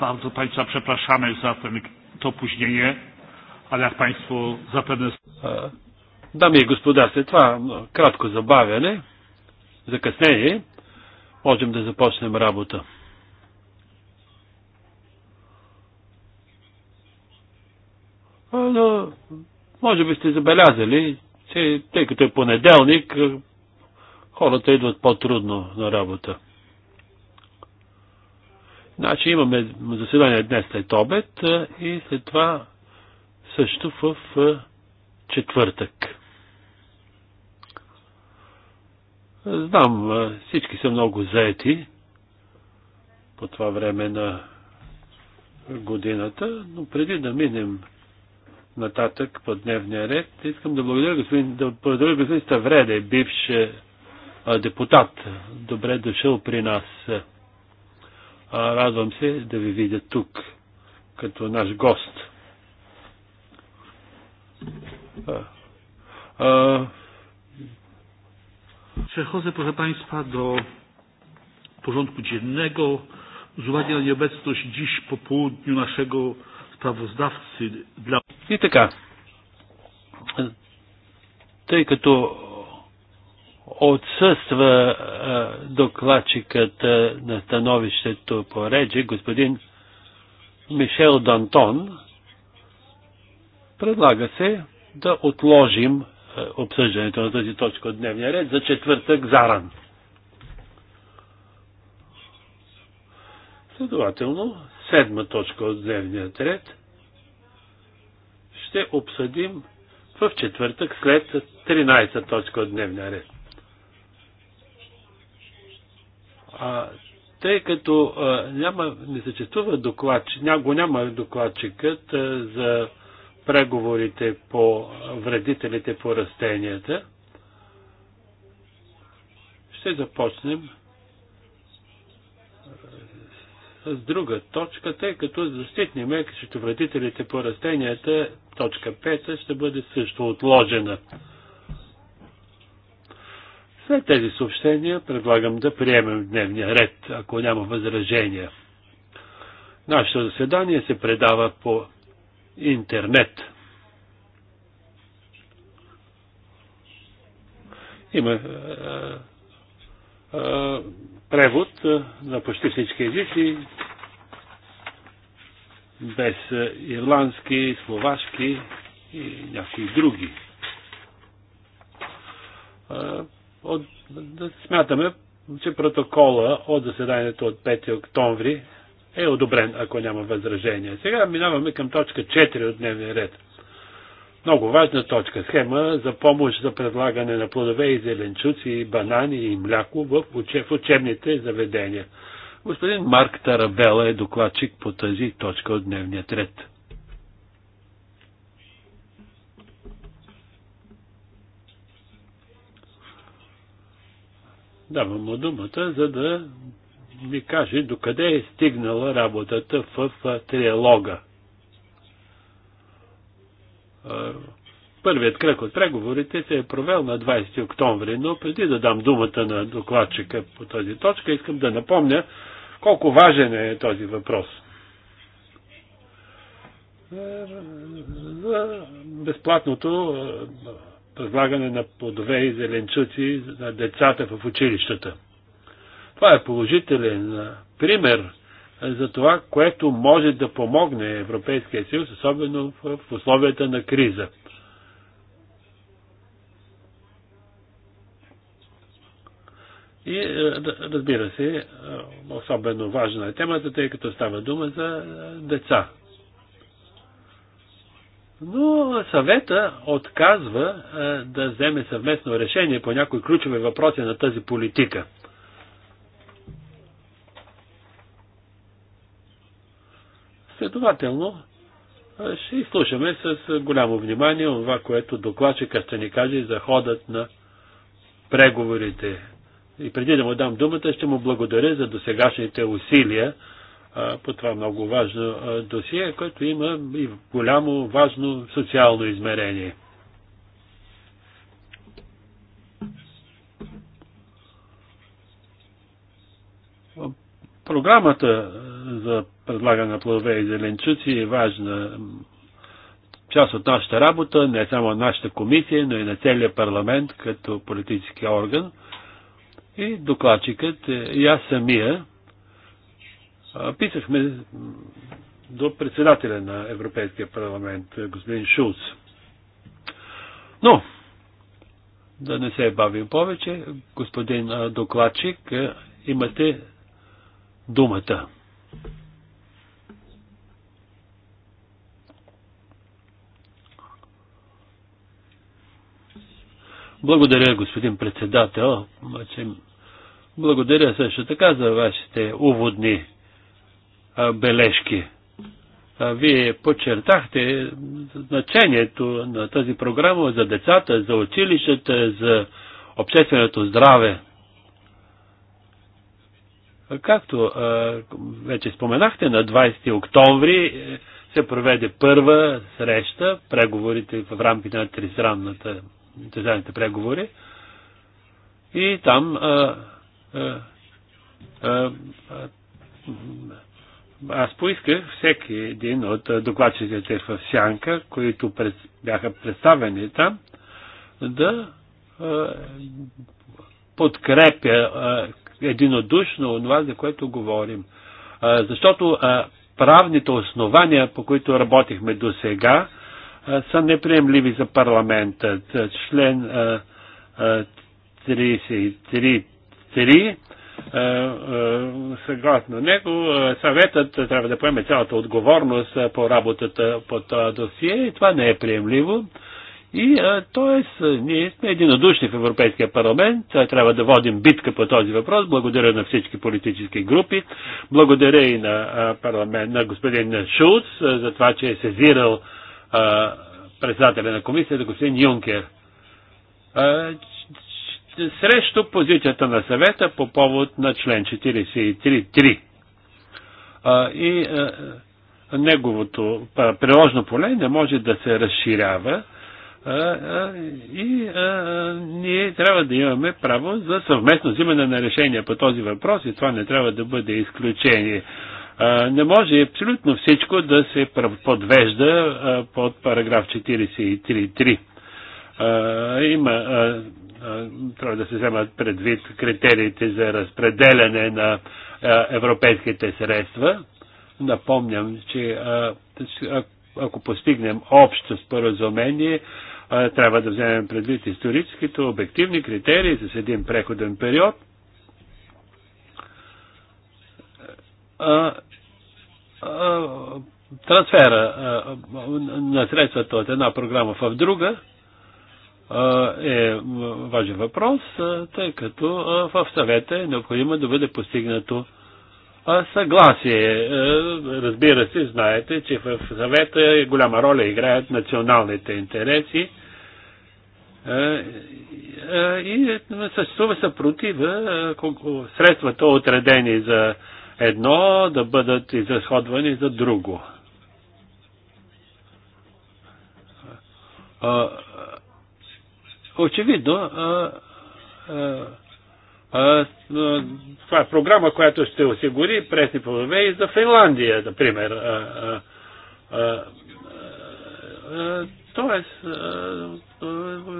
Bardzo Państwa przepraszamy za ten, to opóźnienie, ale jak Państwo zapewne... Дами и господа, след това кратко забавяне, закъснение, можем да започнем работа. Но, може би сте забелязали, че тъй като е понеделник, хората идват по-трудно на работа. Значи имаме заседание днес след обед и след това също в четвъртък. Знам, всички са много заети по това време на годината, но преди да минем нататък по дневния ред, искам да благодаря господин, да благодаря господин Ставреде, бивш депутат. Добре дошъл при нас. Радвам се да ви видя тук, като наш гост. Przechodzę, proszę Państwa, do porządku dziennego. Z uwagi na nieobecność dziś po południu naszego sprawozdawcy dla... I taka. тъй като отсъства докладчикът на становището по Реджи, господин Мишел Дантон. Предлага се да отложим обсъждането на тази точка от дневния ред за четвъртък заран. Следователно, седма точка от дневния ред ще обсъдим в четвъртък след 13 точка от дневния ред. А, тъй като а, няма, не съществува докладчик, ня, го няма докладчикът а, за преговорите по вредителите по растенията, ще започнем с друга точка, тъй като защитни мерки срещу вредителите по растенията, точка 5 ще бъде също отложена. След тези съобщения предлагам да приемем дневния ред, ако няма възражения. Нашето заседание се предава по интернет. Има а, е, а, е, е, превод на почти всички езици, без ирландски, словашки и някои други от, да смятаме, че протокола от заседанието от 5 октомври е одобрен, ако няма възражения. Сега минаваме към точка 4 от дневния ред. Много важна точка. Схема за помощ за предлагане на плодове и зеленчуци, банани и мляко в, учеб, в учебните заведения. Господин Марк Тарабела е докладчик по тази точка от дневния ред. Давам му думата, за да ми каже докъде е стигнала работата в триалога. Първият кръг от преговорите се е провел на 20 октомври, но преди да дам думата на докладчика по тази точка, искам да напомня колко важен е този въпрос. безплатното предлагане на плодове и зеленчуци на децата в училищата. Това е положителен пример за това, което може да помогне Европейския съюз, особено в условията на криза. И разбира се, особено важна е темата, тъй като става дума за деца. Но съвета отказва а, е, да вземе съвместно решение по някои ключови въпроси на тази политика. Следователно, е, ще изслушаме с голямо внимание това, което докладчика ще ни каже за ходът на преговорите. И преди да му дам думата, ще му благодаря за досегашните усилия по това много важно досие, което има и голямо важно социално измерение. Програмата за предлагане на плодове и зеленчуци е важна част от нашата работа, не само нашата комисия, но и на целия парламент като политически орган. И докладчикът, е, и аз самия, Писахме до председателя на Европейския парламент, господин Шулц. Но, да не се бавим повече, господин докладчик, имате думата. Благодаря, господин председател. Значи, благодаря също така за вашите уводни бележки. Вие подчертахте значението на тази програма за децата, за училищата, за общественото здраве. Както вече споменахте, на 20 октомври е, се проведе първа среща, преговорите в рамките на тристранната, тристранните преговори. И там а, а, а, аз поисках всеки един от докладчиците в Сянка, които пред, бяха представени там, да а, подкрепя а, единодушно това, за което говорим. А, защото а, правните основания, по които работихме до сега, са неприемливи за парламентът. Член 33 е, е, съгласно него е, съветът трябва да поеме цялата отговорност по работата по това досие и това не е приемливо. И т.е. ние сме единодушни в Европейския парламент, трябва да водим битка по този въпрос. Благодаря на всички политически групи, благодаря и на, парламент, на господин Шулц за това, че е сезирал председателя на комисията, господин Юнкер срещу позицията на съвета по повод на член 43.3 и неговото приложно поле не може да се разширява и ние трябва да имаме право за съвместно взимане на решения по този въпрос и това не трябва да бъде изключение. Не може абсолютно всичко да се подвежда под параграф 43.3. Има трябва да се вземат предвид критериите за разпределяне на европейските средства. Напомням, че ако постигнем общо споразумение, трябва да вземем предвид историческите обективни критерии с един преходен период. Трансфера на средствата от една програма в друга – е важен въпрос, тъй като в съвета е необходимо да бъде постигнато съгласие. Е, разбира се, знаете, че в съвета е голяма роля играят националните интереси е, и съществува съпротива средствата отредени за едно да бъдат изразходвани за друго Очевидно, а, а, а, това е програма, която ще осигури пресни плодове и за Финландия, например. А, а, а, а, тоест,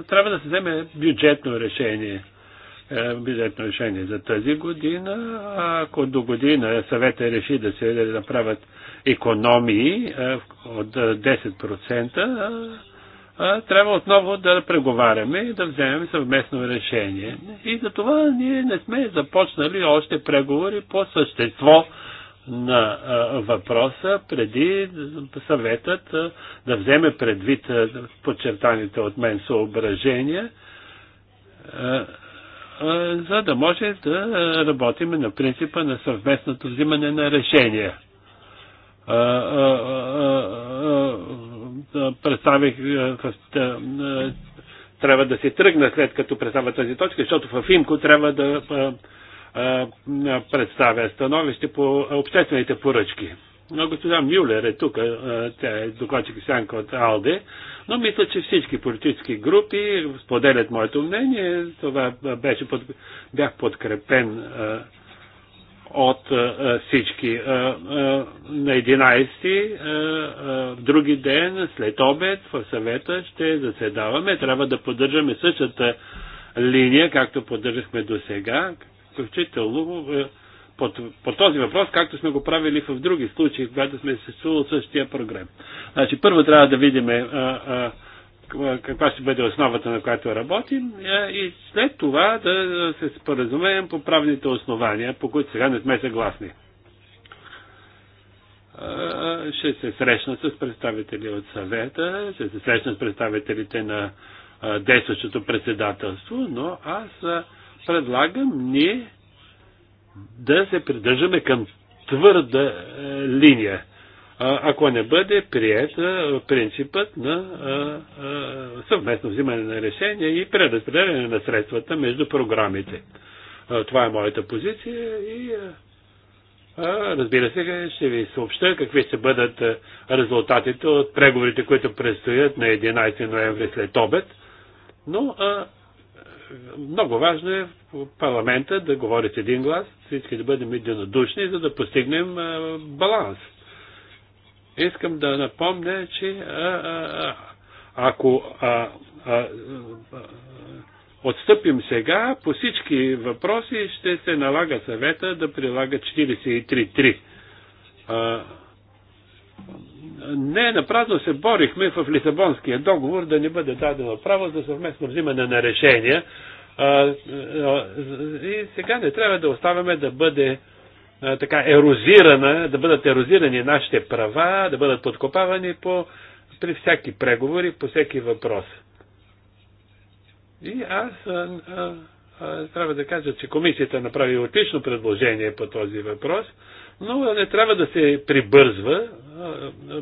трябва да се вземе бюджетно решение. Бюджетно решение за тази година. Ако до година съвета реши да се направят економии от 10%, трябва отново да преговаряме и да вземем съвместно решение. И за това ние не сме започнали още преговори по същество на въпроса, преди съветът да вземе предвид подчертаните от мен съображения, за да може да работим на принципа на съвместното взимане на решения е, представих, е, е, трябва да се тръгна след като представя тази точка, защото в Имко трябва да представя становище по обществените поръчки. Но госпожа Мюлер е тук, тя е докладчик Сянка от Алде, но мисля, че всички политически групи споделят моето мнение. Това беше, под... бях подкрепен от а, е, е, всички. А, е, а, на 11 други ден, след обед, в съвета ще заседаваме. Трябва да поддържаме същата линия, както поддържахме до сега, включително по, по този въпрос, както сме го правили в други случаи, когато сме се съществували същия програм. Значи, първо трябва да видим а, а, каква ще бъде основата, на която работим е, и след това да се споразумеем по правните основания, по които сега не сме съгласни. Ще се срещна с представители от съвета, ще се срещна с представителите на действащото председателство, но аз предлагам ние да се придържаме към твърда е, линия ако не бъде прият принципът на съвместно взимане на решения и преразпределяне на средствата между програмите. Това е моята позиция и разбира се, ще ви съобща какви ще бъдат резултатите от преговорите, които предстоят на 11 ноември след обед. Но много важно е в парламента да говори с един глас, всички да бъдем единодушни, за да постигнем баланс. Искам да напомня, че а, а, ако а, а, отстъпим сега, по всички въпроси ще се налага съвета да прилага 43.3. А, не, напразно се борихме в Лисабонския договор да ни бъде дадено право за съвместно взимане на решения. А, а, и сега не трябва да оставяме да бъде така ерозирана, да бъдат ерозирани нашите права, да бъдат подкопавани по, при всяки преговори, по всеки въпрос. И аз а, а, а, трябва да кажа, че комисията направи отлично предложение по този въпрос, но не трябва да се прибързва, а, а,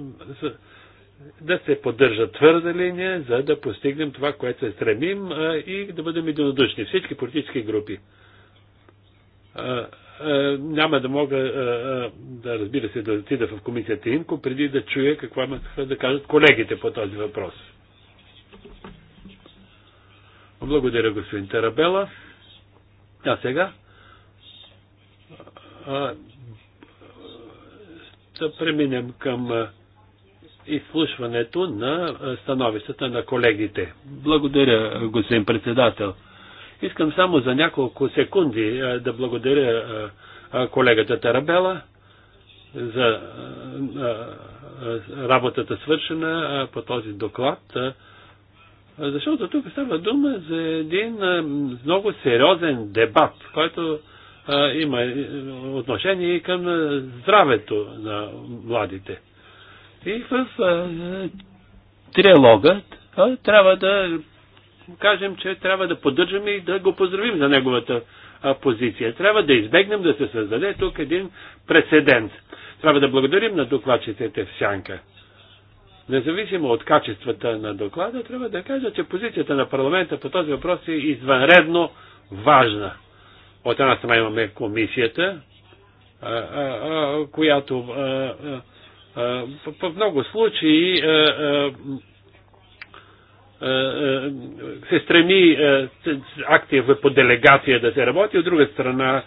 да се поддържа твърда линия, за да постигнем това, което се стремим а, и да бъдем единодушни. Всички политически групи. А, е, няма да мога е, е, да разбира се да отида в комисията Инко, преди да чуя какво имат да кажат колегите по този въпрос. Благодаря, господин Тарабела. А сега? да преминем към изслушването на становищата на колегите. Благодаря, господин председател. Искам само за няколко секунди е, да благодаря е, е, колегата Тарабела за работата свършена по този доклад, защото тук става дума за един много сериозен дебат, който има отношение и към здравето на младите. И в триалогът трябва да кажем, че трябва да поддържаме и да го поздравим за неговата а, позиция. Трябва да избегнем да се създаде тук един прецедент. Трябва да благодарим на докладчиците в Сянка. Независимо от качествата на доклада, трябва да кажа, че позицията на парламента по този въпрос е извънредно важна. От една страна имаме комисията, а, а, която в много случаи е, е, се стреми е, актива по делегация да се работи, от друга страна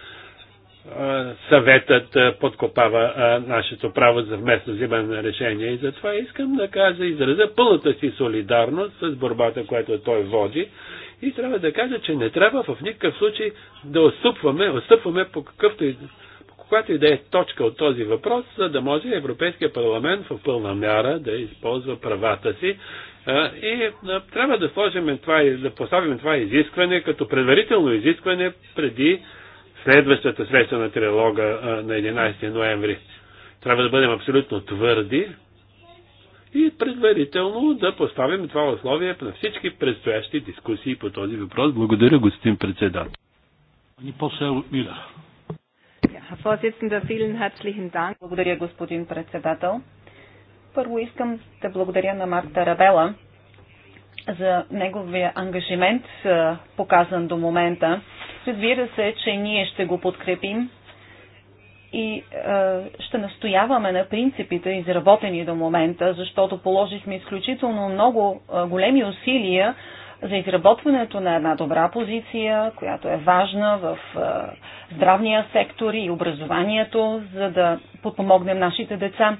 съветът подкопава нашето право за вместно взимане на решение. И затова искам да кажа, изразя пълната си солидарност с борбата, която той води. И трябва да кажа, че не трябва в никакъв случай да отстъпваме, отстъпваме по какъвто и която и да е точка от този въпрос, за да може Европейския парламент в пълна мяра да използва правата си. И трябва да сложим това, да поставим това изискване като предварително изискване преди следващата среща на трилога на 11 ноември. Трябва да бъдем абсолютно твърди и предварително да поставим това условие на всички предстоящи дискусии по този въпрос. Благодаря, господин председател. Ни по-сел Милер. Благодаря, господин председател. Първо искам да благодаря на Марта Рабела за неговия ангажимент, показан до момента. Разбира се, че ние ще го подкрепим и ще настояваме на принципите, изработени до момента, защото положихме изключително много големи усилия за изработването на една добра позиция, която е важна в е, здравния сектор и образованието, за да подпомогнем нашите деца.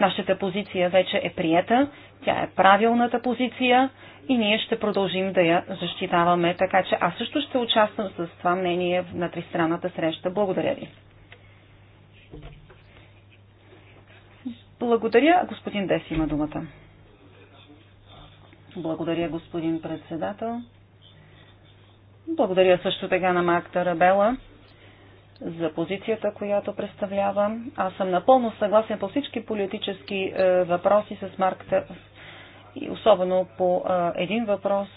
Нашата позиция вече е приета, тя е правилната позиция и ние ще продължим да я защитаваме, така че аз също ще участвам с това мнение на тристранната среща. Благодаря ви. Благодаря, господин Дес има думата. Благодаря, господин председател. Благодаря също така на Макта Рабела за позицията, която представлява. Аз съм напълно съгласен по всички политически е, въпроси с Марк и особено по е, един въпрос,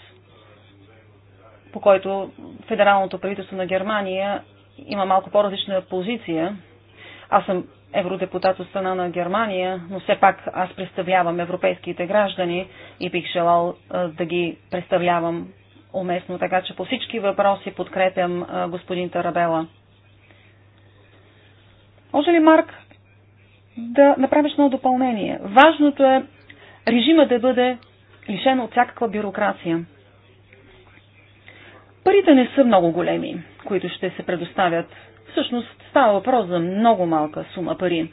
по който федералното правителство на Германия има малко по-различна позиция. Аз съм евродепутат от страна на Германия, но все пак аз представлявам европейските граждани и бих желал да ги представлявам уместно. Така че по всички въпроси подкрепям господин Тарабела. Може ли, Марк, да направиш едно допълнение? Важното е режима да бъде лишен от всякаква бюрокрация. Парите не са много големи, които ще се предоставят Всъщност става въпрос за много малка сума пари,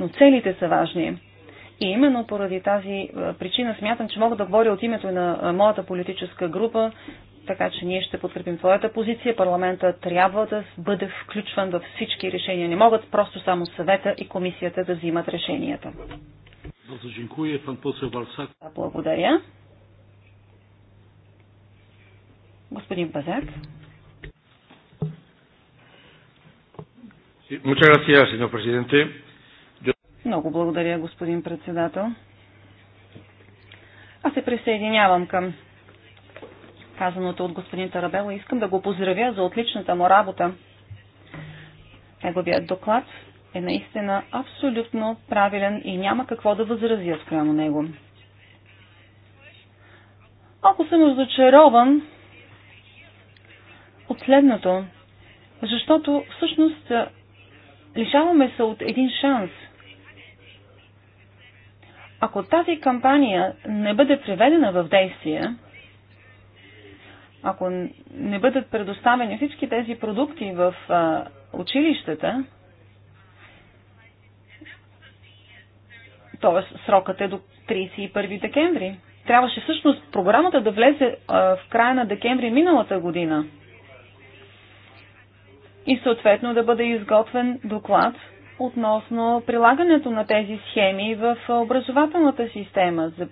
но целите са важни. И именно поради тази е, причина смятам, че мога да говоря от името на е, моята политическа група, така че ние ще подкрепим твоята позиция. Парламента трябва да бъде включван във всички решения. Не могат просто само съвета и комисията да взимат решенията. Благодаря. Господин Базак. Много благодаря, господин председател. Аз се присъединявам към казаното от господин Тарабела. Искам да го поздравя за отличната му работа. Неговият доклад е наистина абсолютно правилен и няма какво да възразя спрямо него. Малко съм разочарован от следното, защото всъщност лишаваме се от един шанс. Ако тази кампания не бъде приведена в действие, ако не бъдат предоставени всички тези продукти в а, училищата, т.е. срокът е до 31 декември. Трябваше всъщност програмата да влезе а, в края на декември миналата година и съответно да бъде изготвен доклад относно прилагането на тези схеми в образователната система за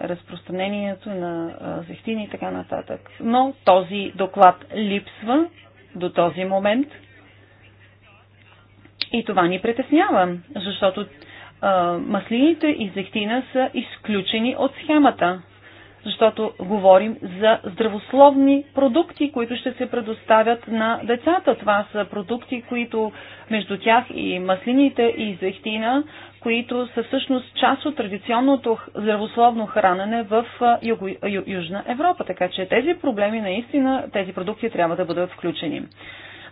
разпространението на зехтини и така нататък. Но този доклад липсва до този момент и това ни притеснява, защото маслините и зехтина са изключени от схемата защото говорим за здравословни продукти, които ще се предоставят на децата. Това са продукти, които между тях и маслините и зехтина, които са всъщност част от традиционното здравословно хранене в Юго, Ю, Южна Европа. Така че тези проблеми наистина, тези продукти трябва да бъдат включени.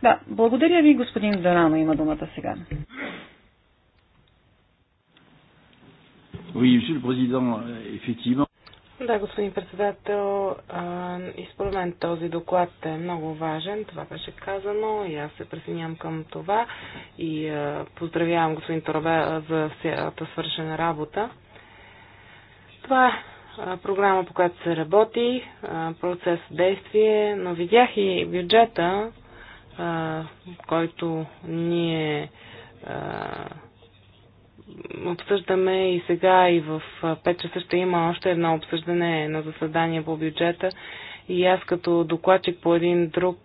Да, благодаря ви, господин Зарано има думата сега. Oui, monsieur le Président, effectivement. Да, господин председател, и според мен този доклад е много важен. Това беше казано и аз се присъединявам към това. И поздравявам господин Торабе за цялата свършена работа. Това е програма, по която се работи, процес действие, но видях и бюджета, който ние обсъждаме и сега и в 5 часа ще има още едно обсъждане на заседание по бюджета и аз като докладчик по един друг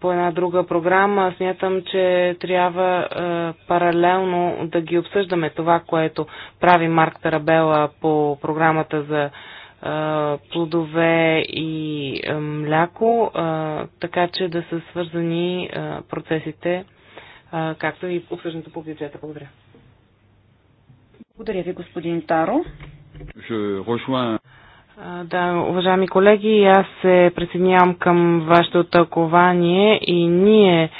по една друга програма, смятам, че трябва паралелно да ги обсъждаме това, което прави Марк Тарабела по програмата за плодове и мляко, така че да са свързани процесите както и обсъждането по бюджета. Благодаря. Благодаря ви, господин Таро. Да, уважаеми колеги, аз се присъединявам към вашето тълкование и ние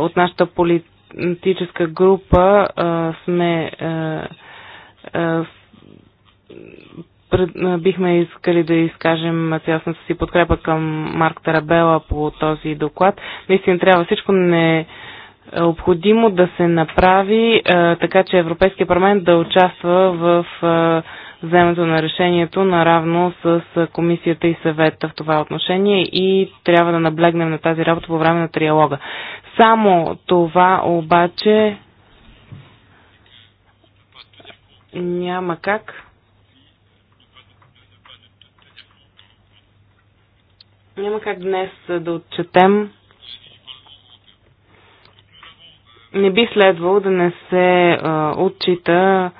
от нашата политическа група сме бихме искали да изкажем цялостната си подкрепа към Марк Тарабела по този доклад. Наистина трябва всичко не необходимо да се направи а, е, така, че Европейския парламент да участва в а, е, вземането на решението наравно с е, комисията и съвета в това отношение и трябва да наблегнем на тази работа по време на триалога. Само това обаче няма как няма как днес да отчетем не би следвало да не се а, отчита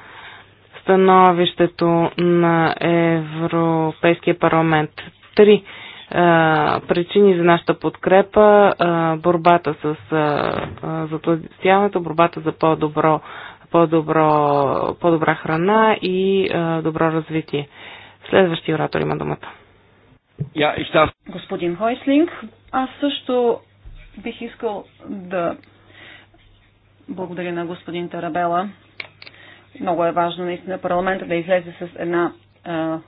становището на Европейския парламент. Три а, причини за нашата подкрепа а, борбата с а, затластяването, борбата за по-добро, по-добро, по-добра храна и а, добро развитие. Следващия оратор има думата. Господин Хойслинг, аз също бих искал да благодаря на господин Тарабела. Много е важно наистина парламента да излезе с една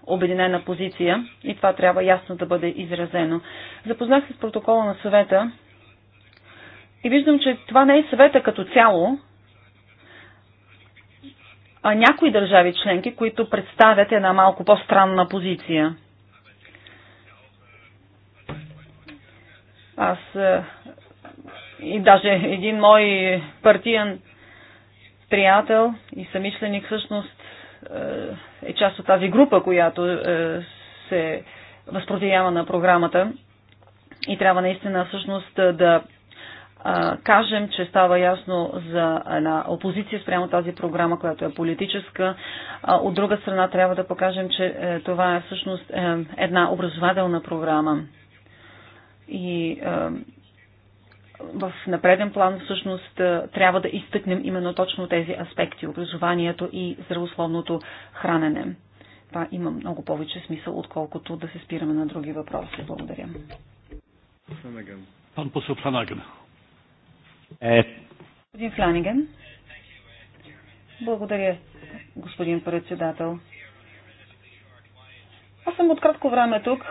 обединена позиция и това трябва ясно да бъде изразено. Запознах се с протокола на съвета и виждам, че това не е съвета като цяло, а някои държави членки, които представят една малко по-странна позиция. Аз и даже един мой партиен приятел и съмишленик всъщност е, е част от тази група, която е, се възпротивява на програмата. И трябва наистина всъщност да кажем, че става ясно за една опозиция спрямо тази програма, която е политическа. От друга страна трябва да покажем, че е, това е всъщност една образователна програма. И в напреден план всъщност трябва да изтъкнем именно точно тези аспекти образованието и здравословното хранене. Това има много повече смисъл, отколкото да се спираме на други въпроси. Благодаря. Пан посол Фланаген. Е, господин Фланаген. Благодаря, господин председател. Аз съм от кратко време тук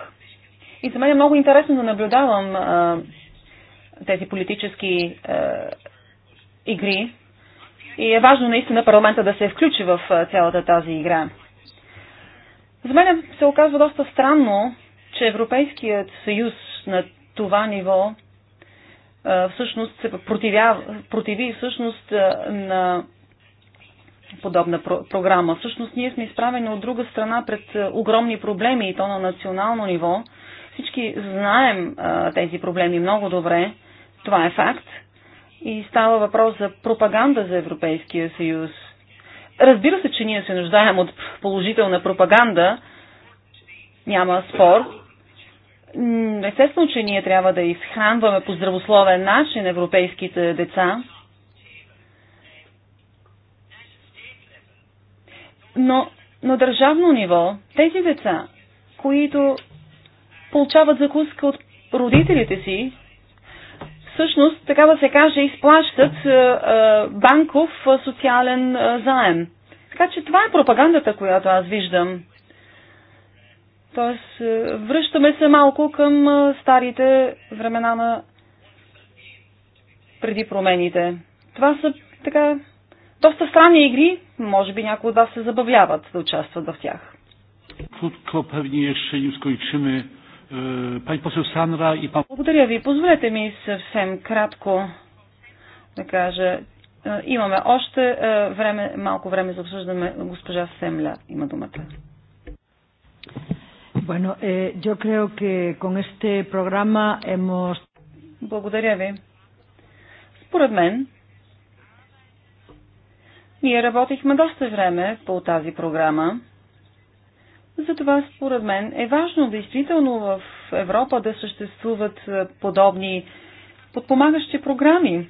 и за мен е много интересно да наблюдавам тези политически е, игри. И е важно наистина парламента да се включи в е, цялата тази игра. За мен се оказва доста странно, че Европейският съюз на това ниво е, всъщност се противява, противи всъщност е, на подобна про- програма. Всъщност ние сме изправени от друга страна пред е, огромни проблеми и то на национално ниво. Всички знаем а, е, тези проблеми много добре това е факт. И става въпрос за пропаганда за Европейския съюз. Разбира се, че ние се нуждаем от положителна пропаганда. Няма спор. Естествено, че ние трябва да изхранваме по здравословен начин европейските деца. Но на държавно ниво тези деца, които получават закуска от родителите си, всъщност, така да се каже, изплащат е, е, банков е, социален заем. Така че това е пропагандата, която аз виждам. Тоест, връщаме се малко към старите времена на преди промените. Това са така доста странни игри, може би някои от вас се забавляват да участват в тях. Krótko pewnie ще nim skończymy. Е, Благодаря ви. Позволете ми съвсем кратко да кажа. Е, имаме още е, време, малко време за обсъждане. Госпожа Семля има думата. Bueno, eh, yo creo que con este programa hemos... Благодаря ви. Според мен, ние работихме доста време по тази програма. Затова според мен е важно действително в Европа да съществуват е, подобни подпомагащи програми,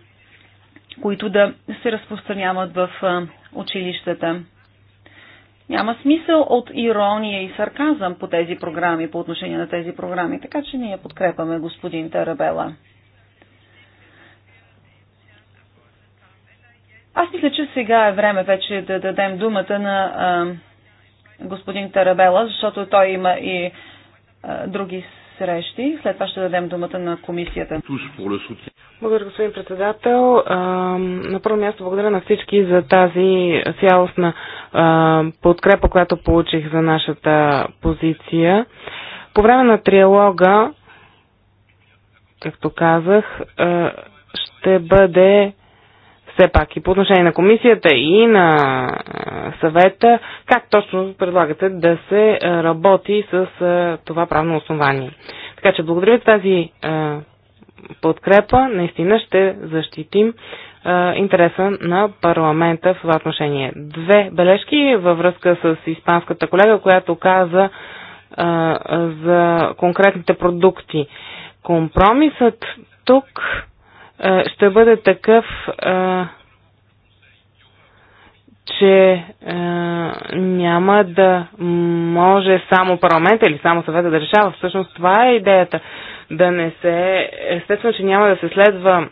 които да се разпространяват в е, училищата. Няма смисъл от ирония и сарказъм по тези програми, по отношение на тези програми, така че ние подкрепаме господин Тарабела. Аз мисля, че сега е време вече да дадем думата на е, господин Тарабела, защото той има и а, е, други срещи. След това ще дадем думата на комисията. Благодаря, господин председател. На първо място благодаря на всички за тази цялостна подкрепа, която получих за нашата позиция. По време на триалога, както казах, ще бъде все пак и по отношение на комисията и на съвета, как точно предлагате да се работи с това правно основание. Така че благодаря за тази подкрепа. Наистина ще защитим интереса на парламента в това отношение. Две бележки във връзка с испанската колега, която каза за конкретните продукти. Компромисът тук ще бъде такъв, че няма да може само парламента или само съвета да решава. Всъщност това е идеята. Да не се. Естествено, че няма да се следва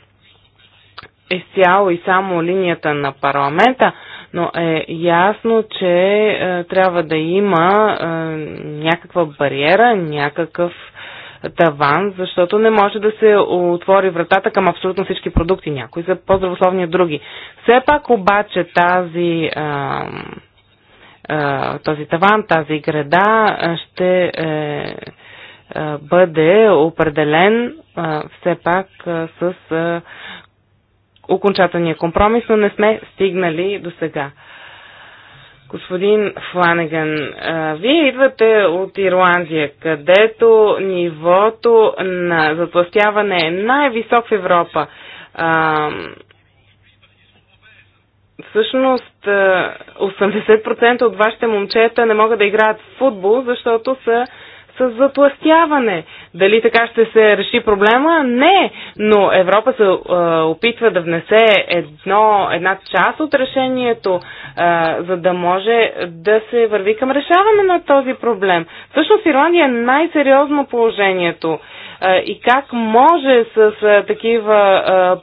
изцяло и само линията на парламента, но е ясно, че трябва да има някаква бариера, някакъв таван, защото не може да се отвори вратата към абсолютно всички продукти, някои за по-здравословни от други. Все пак обаче тази, а, а, този таван, тази града ще е, бъде определен а, все пак а, с а, окончателния компромис, но не сме стигнали до сега. Господин Фланеган, вие идвате от Ирландия, където нивото на затластяване е най-висок в Европа. А, всъщност 80% от вашите момчета не могат да играят в футбол, защото са с затластяване. Дали така ще се реши проблема? Не, но Европа се е, опитва да внесе едно, една част от решението, е, за да може да се върви към решаване на този проблем. Всъщност Ирландия е най-сериозно положението и как може с такива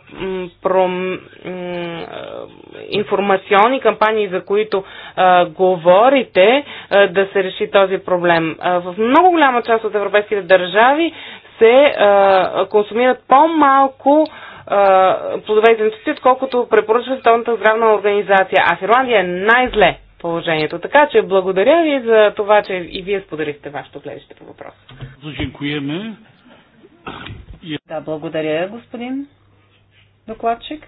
информационни кампании, за които говорите, да се реши този проблем. В много голяма част от европейските държави се консумират по-малко плодове и зеленчуци, отколкото препоръчва Световната здравна организация. А в Ирландия е най-зле положението. Така че благодаря ви за това, че и вие споделихте вашето гледаще по въпроса. Дякуваме. Да, благодаря, господин докладчик.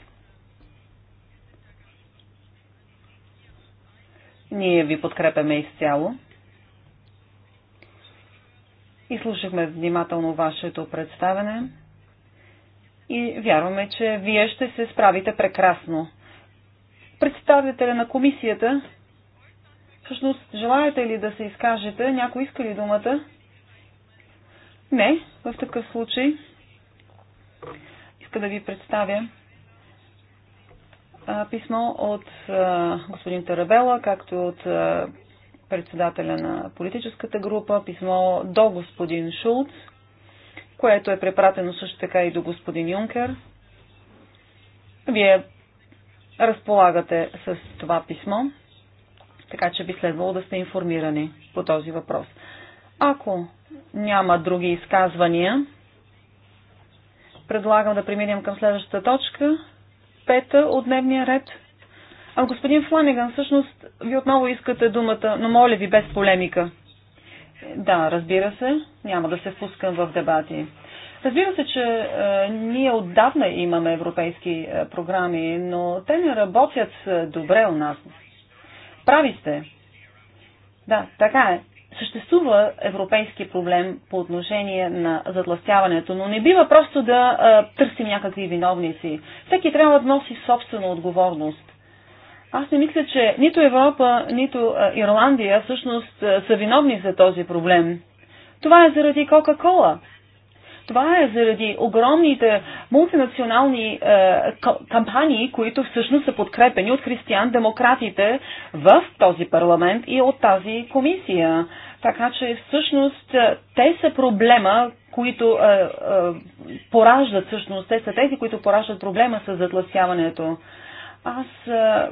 Ние ви подкрепяме изцяло. И слушахме внимателно вашето представене. И вярваме, че вие ще се справите прекрасно. Представителя на комисията, всъщност, желаете ли да се изкажете? Някой иска ли думата? Не, в такъв случай иска да ви представя писмо от господин Тарабела, както и от председателя на политическата група, писмо до господин Шулц, което е препратено също така и до господин Юнкер. Вие разполагате с това писмо, така че би следвало да сте информирани по този въпрос. Ако няма други изказвания. Предлагам да преминем към следващата точка. Пета от дневния ред. А господин Фланеган, всъщност, ви отново искате думата, но моля ви без полемика. Да, разбира се, няма да се впускам в дебати. Разбира се, че е, ние отдавна имаме европейски е, програми, но те не работят е, добре у нас. Прави сте. Да, така е. Съществува европейски проблем по отношение на затластяването, но не бива просто да а, търсим някакви виновници. Всеки трябва да носи собствена отговорност. Аз не мисля, че нито Европа, нито Ирландия всъщност са виновни за този проблем. Това е заради Кока-Кола. Това е заради огромните мултинационални е, кампании, които всъщност са подкрепени от християн-демократите в този парламент и от тази комисия. Така че всъщност е, те са проблема, които е, е, пораждат всъщност, те са тези, които пораждат проблема с затласяването. Аз е,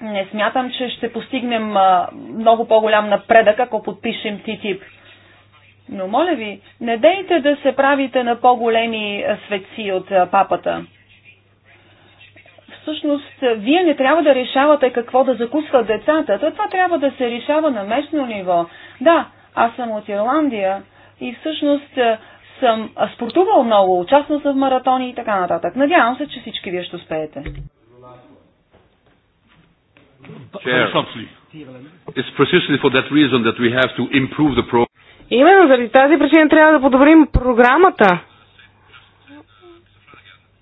не смятам, че ще постигнем е, много по-голям напредък, ако подпишем ТТИП. Но моля ви, не дейте да се правите на по-големи светци от папата. Всъщност, вие не трябва да решавате какво да закусват децата. То това трябва да се решава на местно ниво. Да, аз съм от Ирландия и всъщност съм спортувал много, участвал съм в маратони и така нататък. Надявам се, че всички вие ще успеете. Chair, it's precisely for that reason that we have to improve the program. Именно заради тази причина трябва да подобрим програмата.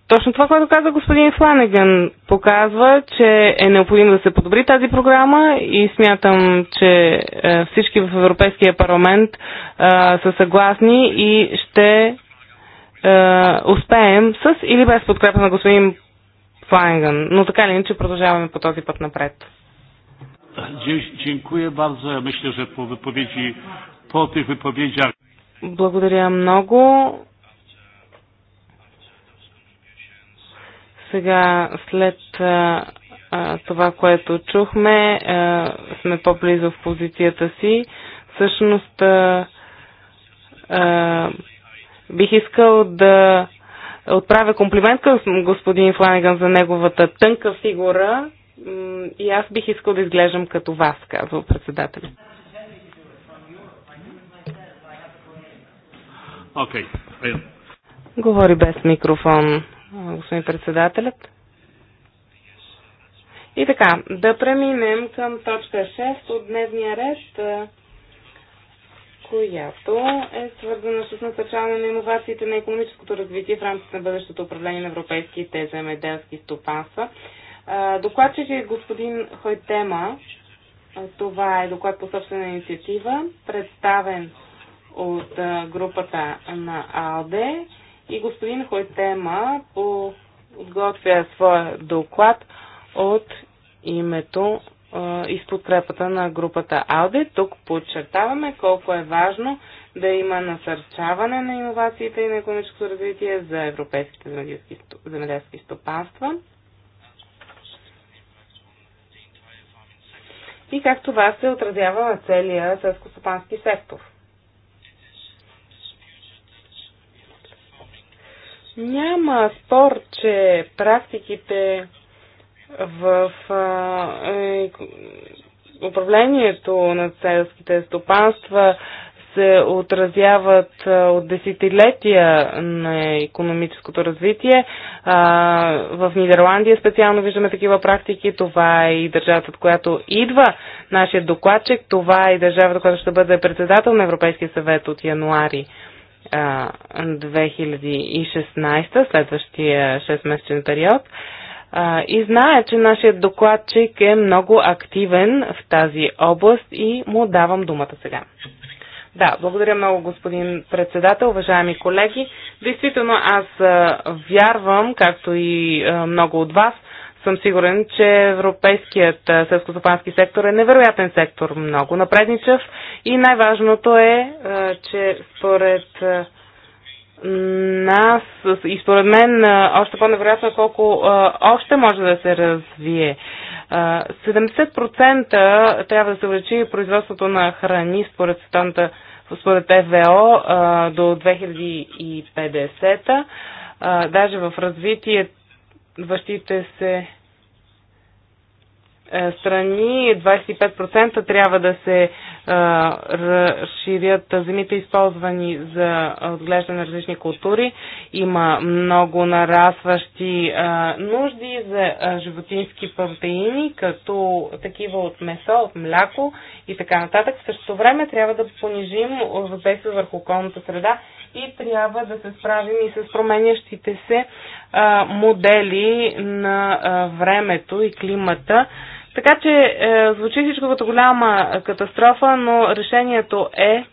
Точно това, което каза господин Фланеган, показва, че е необходимо да се подобри тази програма и смятам, че е, всички в Европейския парламент а, е, са съгласни и ще а, е, успеем с или без подкрепа на господин Фланеган. Но така ли иначе продължаваме по този път напред. Dziękuję bardzo. Ja myślę, że po wypowiedzi благодаря много. Сега, след а, а, това, което чухме, а, сме по-близо в позицията си. Всъщност, а, а, бих искал да отправя комплимент към господин Фланеган за неговата тънка фигура и аз бих искал да изглеждам като вас, казва председателя. Okay. Говори без микрофон господин председателят. И така, да преминем към точка 6 от дневния ред, която е свързана с насърчаване на иновациите на економическото развитие в рамките на бъдещото управление на европейските земеделски стопанства. Докладчик е господин Хойтема. Това е доклад по собствена инициатива, представен от групата на АЛДЕ и господин Хойтема по подготвя своя доклад от името и с подкрепата на групата АЛДЕ. Тук подчертаваме колко е важно да има насърчаване на иновациите и на економическото развитие за европейските земеделски стопанства. И как това се отразява на целия селскостопански сектор. Няма спор, че практиките в а, е, управлението на селските стопанства се отразяват от десетилетия на економическото развитие. В Нидерландия специално виждаме такива практики. Това е и държавата, от която идва нашия докладчик. Това е и държавата, която ще бъде председател на Европейския съвет от януари. 2016, следващия 6-месечен период. И знае, че нашият докладчик е много активен в тази област и му давам думата сега. Да, благодаря много, господин председател, уважаеми колеги. Действително, аз вярвам, както и много от вас, съм сигурен, че европейският селскостопански сектор е невероятен сектор, много напредничав и най-важното е, че според нас и според мен още по-невероятно е колко още може да се развие. 70% трябва да се увеличи производството на храни според Световната според ФВО до 2050. Даже в развитие вършите се е, страни 25% трябва да се а, е, разширят земите, използвани за отглеждане на различни култури. Има много нарасващи а, е, нужди за а, животински протеини, като такива от месо, от мляко и така нататък. В същото време трябва да понижим въздействие върху околната среда и трябва да се справим и с променящите се а, модели на а, времето и климата така че е, звучи всичко като голяма катастрофа, но решението е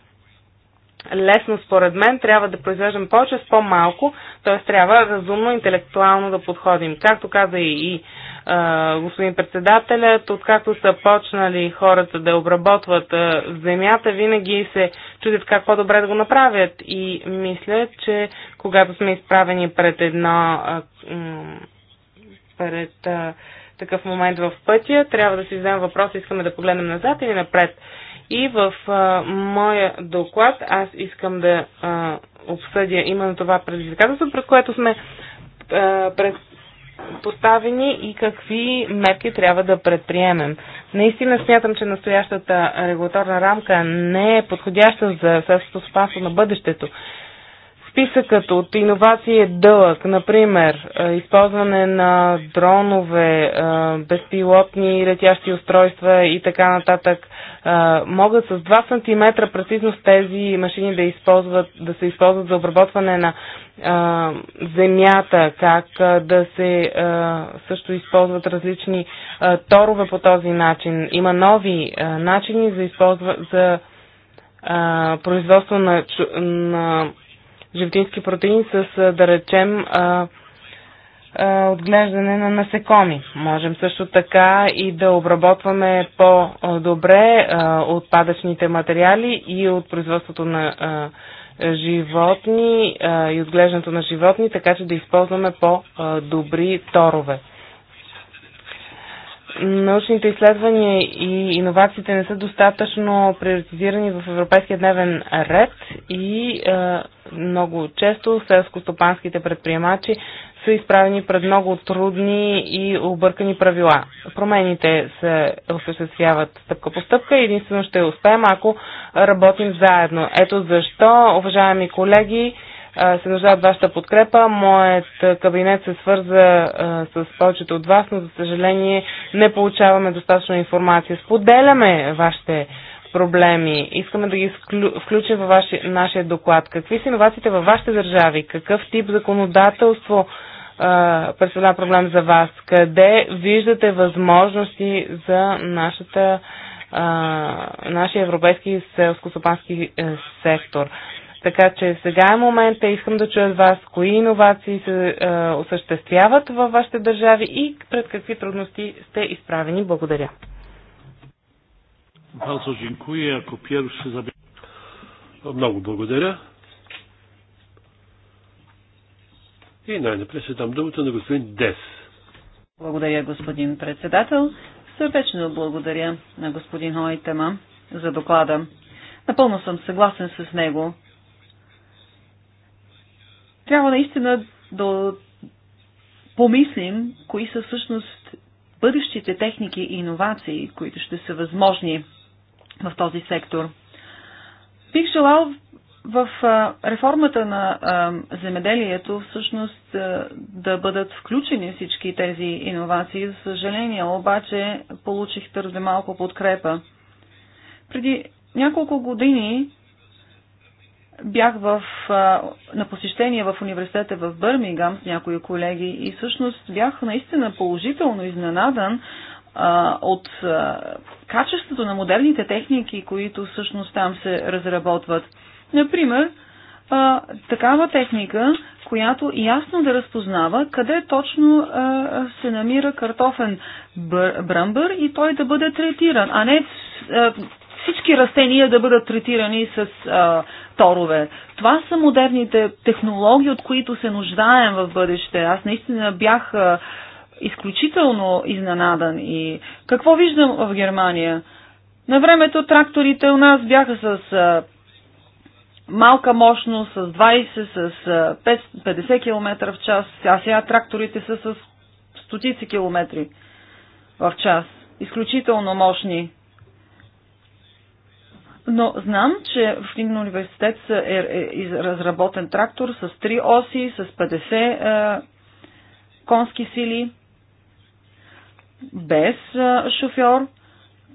лесно според мен. Трябва да произвеждам повече с по-малко, т.е. трябва разумно, интелектуално да подходим. Както каза и, и е, господин председателят, откакто са почнали хората да обработват е, земята, винаги се чудят как по-добре да го направят. И мисля, че когато сме изправени пред едно. Е, пред. Е, такъв момент в пътя, трябва да си задам въпроса, искаме да погледнем назад или напред. И в а, моя доклад аз искам да а, обсъдя именно това предизвикателство, пред което сме а, пред поставени и какви мерки трябва да предприемем. Наистина смятам, че настоящата регулаторна рамка не е подходяща за селското спасо на бъдещето. Списъкът от иновации е дълъг, например, е, използване на дронове, е, безпилотни летящи устройства и така нататък. Е, могат с 2 см прецизност тези машини да, използват, да се използват за обработване на земята, как да се също използват различни торове по този начин. Има нови начини за, използва, за производство на, на животински протеин с, да речем, отглеждане на насекоми. Можем също така и да обработваме по-добре отпадъчните материали и от производството на животни и отглеждането на животни, така че да използваме по-добри торове научните изследвания и иновациите не са достатъчно приоритизирани в европейския дневен ред и е, много често селско-стопанските предприемачи са изправени пред много трудни и объркани правила. Промените се осъществяват стъпка по стъпка и единствено ще успеем, ако работим заедно. Ето защо, уважаеми колеги, се нуждаят вашата подкрепа. Моят кабинет се свърза с повечето от вас, но за съжаление не получаваме достатъчно информация. Споделяме вашите проблеми. Искаме да ги включим във ваши, нашия доклад. Какви са иновациите във вашите държави? Какъв тип законодателство представлява проблем за вас? Къде виждате възможности за нашата а, нашия европейски селско сопански е, сектор. Така че сега е момента, искам да чуя от вас кои иновации се е, осъществяват във вашите държави и пред какви трудности сте изправени. Благодаря. Много благодаря. И най-напред ще дам думата на господин Дес. Благодаря, господин председател. Сърдечно благодаря на господин Хойтема за доклада. Напълно съм съгласен с него. Трябва наистина да помислим кои са всъщност бъдещите техники и иновации, които ще са възможни в този сектор. Бих желал в реформата на земеделието всъщност да бъдат включени всички тези иновации. За съжаление, обаче получих твърде малко подкрепа. Преди няколко години Бях в, на посещение в университета в Бърмингам с някои колеги и всъщност бях наистина положително изненадан а, от а, качеството на модерните техники, които всъщност там се разработват. Например, а, такава техника, която ясно да разпознава къде точно а, се намира картофен бър, бръмбър и той да бъде третиран, а не всички растения да бъдат третирани с а, торове. Това са модерните технологии, от които се нуждаем в бъдеще. Аз наистина бях а, изключително изненадан. И какво виждам в Германия? На времето тракторите у нас бяха с а, малка мощност, с 20, с а, 5, 50 км в час, а сега тракторите са с стотици километри в час. Изключително мощни. Но знам, че в Лингна университет е, е разработен трактор с три оси, с 50 е, конски сили, без е, шофьор.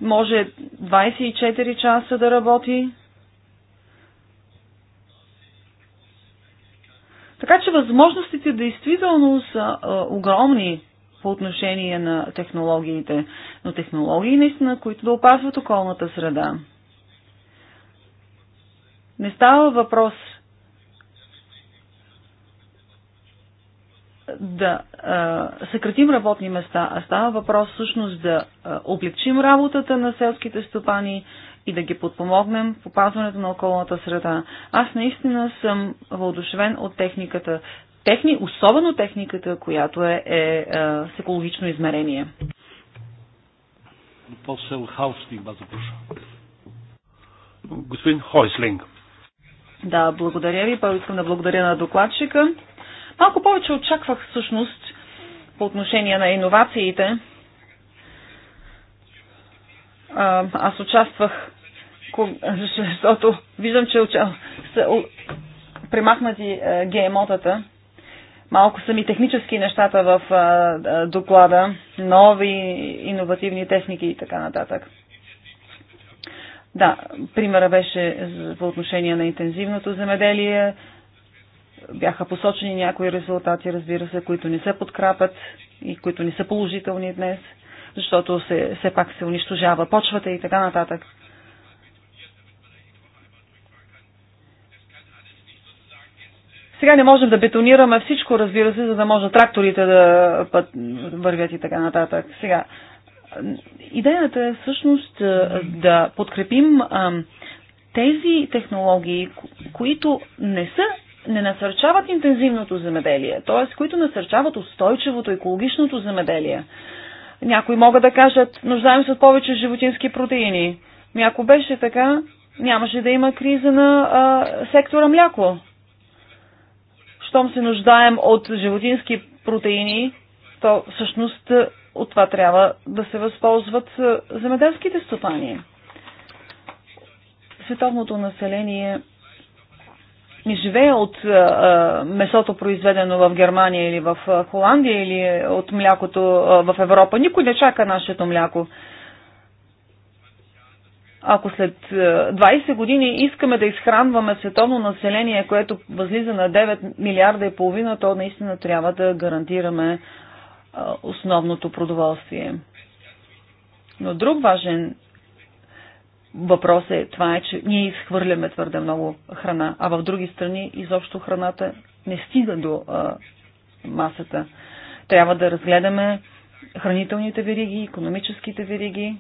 Може 24 часа да работи. Така че възможностите действително са е, огромни по отношение на технологиите, но технологии наистина, които да опазват околната среда. Не става въпрос да а, съкратим работни места, а става въпрос всъщност да а, облегчим работата на селските стопани и да ги подпомогнем в опазването на околната среда. Аз наистина съм въодушевен от техниката, техни, особено техниката, която е, е, е с екологично измерение. Господин Хойслинг. Да, благодаря ви. Първо искам да благодаря на докладчика. Малко повече очаквах всъщност по отношение на иновациите. Аз участвах, защото виждам, че са премахнати е, ГМО-тата. Малко са ми технически нещата в е, е, доклада, нови иновативни техники и така нататък. Да, примера беше по отношение на интензивното земеделие. Бяха посочени някои резултати, разбира се, които не се подкрапят и които не са положителни днес, защото се, все пак се унищожава почвата и така нататък. Сега не можем да бетонираме всичко, разбира се, за да може тракторите да път, вървят и така нататък. Сега, идеята е всъщност да подкрепим тези технологии, които не са не насърчават интензивното земеделие, т.е. които насърчават устойчивото екологичното земеделие. Някои могат да кажат, нуждаем се от повече животински протеини. но ако беше така, нямаше да има криза на а, сектора мляко. Щом се нуждаем от животински протеини, то всъщност от това трябва да се възползват е, земеделските стопани. Световното население не живее от а, е, е, месото произведено в Германия или в Холандия или от млякото а, в Европа. Никой не чака нашето мляко. Ако след 20 години искаме да изхранваме световно население, което възлиза на 9 милиарда и половина, то наистина трябва да гарантираме основното продоволствие. Но друг важен въпрос е това е, че ние изхвърляме твърде много храна, а в други страни изобщо храната не стига до а, масата. Трябва да разгледаме хранителните вериги, економическите вериги.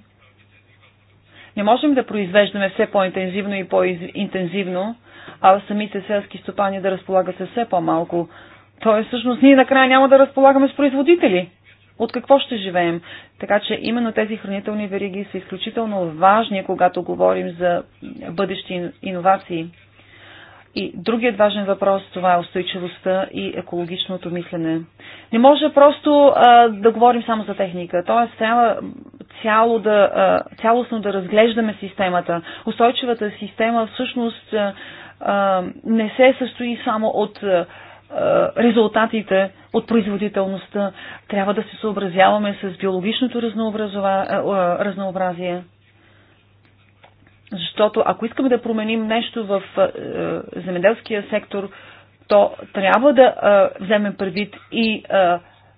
Не можем да произвеждаме все по-интензивно и по-интензивно, а самите селски стопани да разполагат се все по-малко Тоест, всъщност, ние накрая няма да разполагаме с производители. От какво ще живеем? Така че именно тези хранителни вериги са изключително важни, когато говорим за бъдещи иновации. И другият важен въпрос това е устойчивостта и екологичното мислене. Не може просто а, да говорим само за техника, т.е. трябва цяло да, а, цялостно да разглеждаме системата. Устойчивата система всъщност а, а, не се състои само от а, резултатите от производителността. Трябва да се съобразяваме с биологичното разнообразие. Защото ако искаме да променим нещо в земеделския сектор, то трябва да вземем предвид и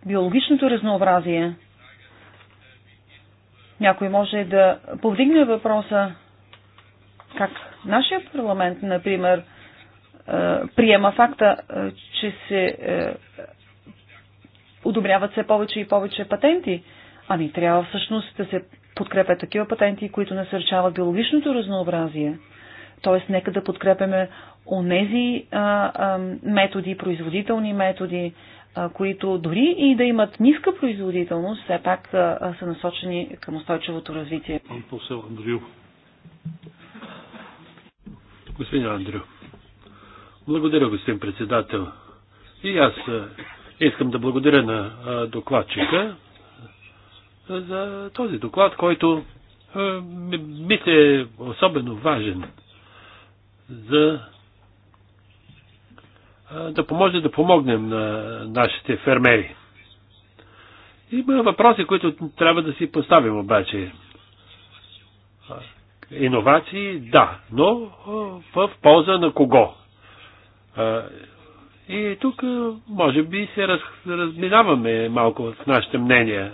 биологичното разнообразие. Някой може да повдигне въпроса как нашия парламент, например, е, приема факта, е, че се е, одобряват все повече и повече патенти. Ами трябва всъщност да се подкрепят такива патенти, които насърчават биологичното разнообразие. Тоест, нека да подкрепяме онези методи, производителни методи, а, които дори и да имат ниска производителност, все пак а, а, са насочени към устойчивото развитие. Господин Андрю. Благодаря, господин председател. И аз искам да благодаря на докладчика за този доклад, който мисля е особено важен за да поможе да помогнем на нашите фермери. Има въпроси, които трябва да си поставим обаче. Иновации, да, но в полза на кого? И тук, може би, се раз, разминаваме малко с нашите мнения.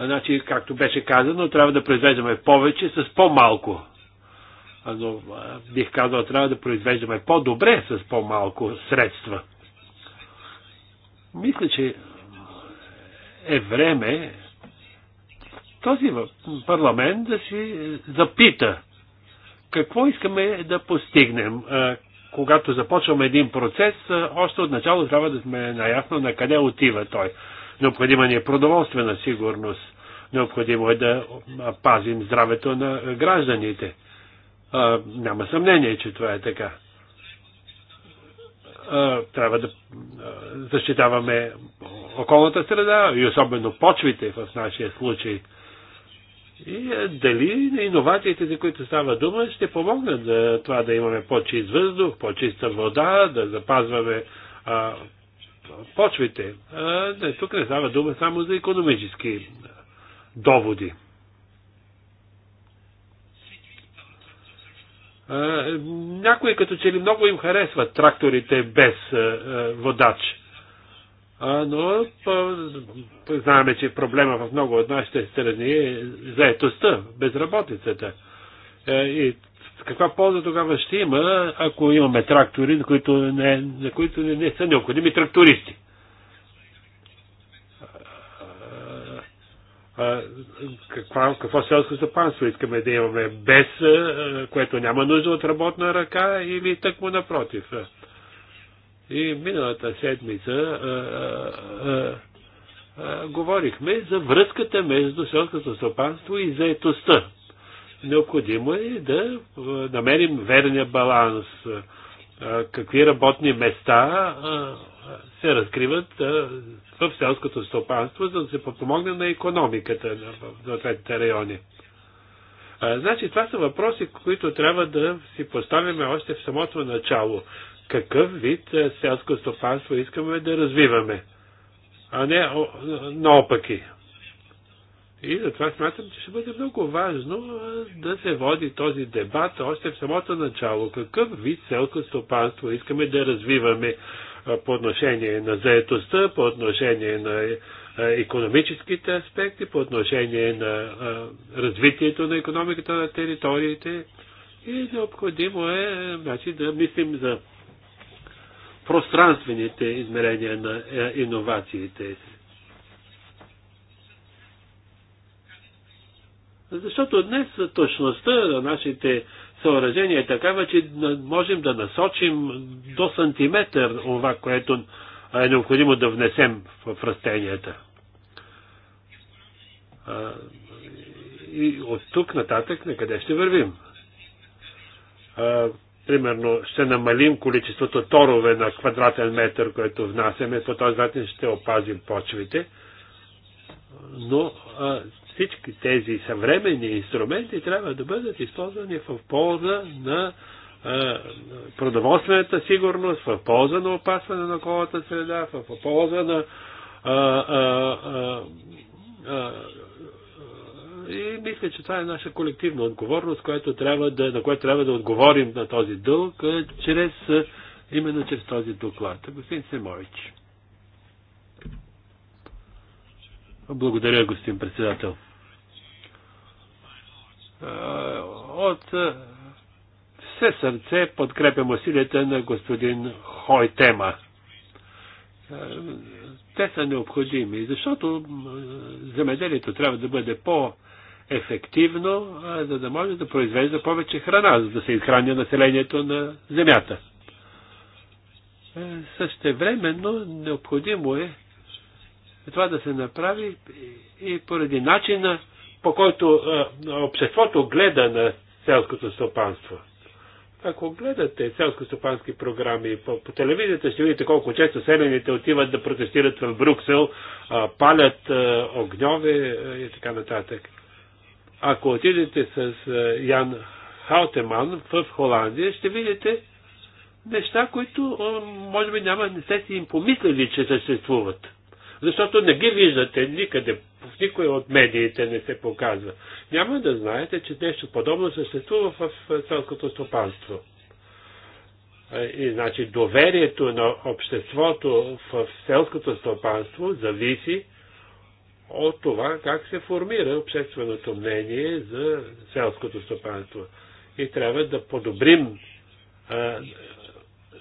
Значи, както беше казано, трябва да произвеждаме повече с по-малко. Но бих казал, трябва да произвеждаме по-добре с по-малко средства. Мисля, че е време този парламент да си запита какво искаме да постигнем? Когато започваме един процес, още от начало трябва да сме наясно на къде отива той. Необходима ни е продоволствена сигурност. Необходимо е да пазим здравето на гражданите. Няма съмнение, че това е така. Трябва да защитаваме околната среда и особено почвите в нашия случай и е, дали иновациите, за които става дума, ще помогнат за това да имаме по-чист въздух, по-чиста вода, да запазваме а, почвите. А, не, тук не става дума само за економически доводи. А, някои като че ли много им харесват тракторите без а, а, водач но знаме, че проблема в много от нашите страни е заетостта, безработицата. Е, и каква полза тогава ще има, ако имаме трактори, на които не, на които не, не са необходими трактористи? Каква, какво селско стопанство искаме да имаме без, което няма нужда от работна ръка или тъкмо напротив? И миналата седмица а, а, а, говорихме за връзката между селското стопанство и заетостта. Необходимо е да намерим верния баланс. Какви работни места се разкриват в селското стопанство, за да се подпомогне на економиката в съответните райони. Значи това са въпроси, които трябва да си поставяме още в самото начало какъв вид е, селско стопанство искаме да развиваме, а не наопаки. И затова смятам, че ще бъде много важно е, да се води този дебат още в самото начало. Какъв вид селско стопанство искаме да развиваме е, по отношение на заетостта, по отношение на економическите аспекти, по отношение на развитието на економиката на териториите. И необходимо е значи, да мислим за пространствените измерения на е, иновациите. Защото днес точността на нашите съоръжения е такава, че можем да насочим до сантиметър това, което е необходимо да внесем в растенията. И от тук нататък на къде ще вървим? примерно ще намалим количеството торове на квадратен метър, което внасяме, по този начин ще опазим почвите. Но а, всички тези съвременни инструменти трябва да бъдат използвани в полза на а, продоволствената сигурност, в полза на опасване на околната среда, в полза на а, а, а, а, и мисля, че това е наша колективна отговорност, която трябва да, на която трябва да отговорим на този дълг, е, чрез, е, именно чрез този доклад. Господин Семович. Благодаря, господин председател. Е, от все сърце подкрепям усилията на господин Хойтема. Те са необходими, защото земеделието трябва да бъде по- ефективно, за да може да произвежда повече храна, за да се изхраня населението на земята. Е, същевременно необходимо е това да се направи и поради начина, по който е, обществото гледа на селското стопанство. Ако гледате селско-стопански програми по, по телевизията, ще видите колко често селените отиват да протестират в Брюксел, а, палят а, е, огньове а, и така нататък. Ако отидете с е, Ян Халтеман в Холандия, ще видите неща, които е, може би няма, не сте си им помислили, че съществуват. Защото не ги виждате никъде, в никой от медиите не се показва. Няма да знаете, че нещо подобно съществува в е, селското стопанство. И значи доверието на обществото в селското стопанство зависи от това как се формира общественото мнение за селското стопанство. И трябва да подобрим а,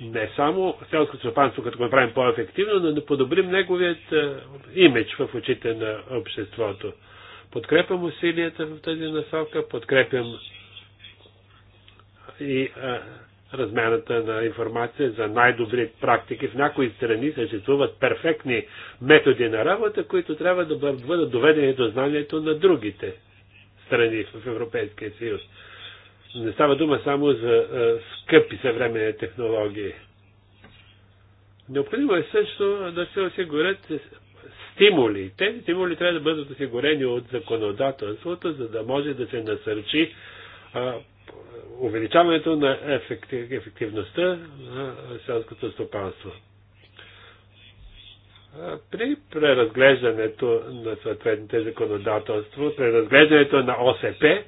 не само селското стопанство, като го направим по-ефективно, но да подобрим неговият а, имидж в очите на обществото. Подкрепям усилията в тази насока, подкрепям и а, размяната на информация за най-добри практики. В някои страни съществуват перфектни методи на работа, които трябва да бъдат доведени до знанието на другите страни в Европейския съюз. Не става дума само за скъпи съвременни технологии. Необходимо е също да се осигурят стимули. Тези стимули трябва да бъдат осигурени от законодателството, за да може да се насърчи увеличаването на ефектив, ефективността на селското стопанство. При преразглеждането на съответните законодателства, преразглеждането на ОСП,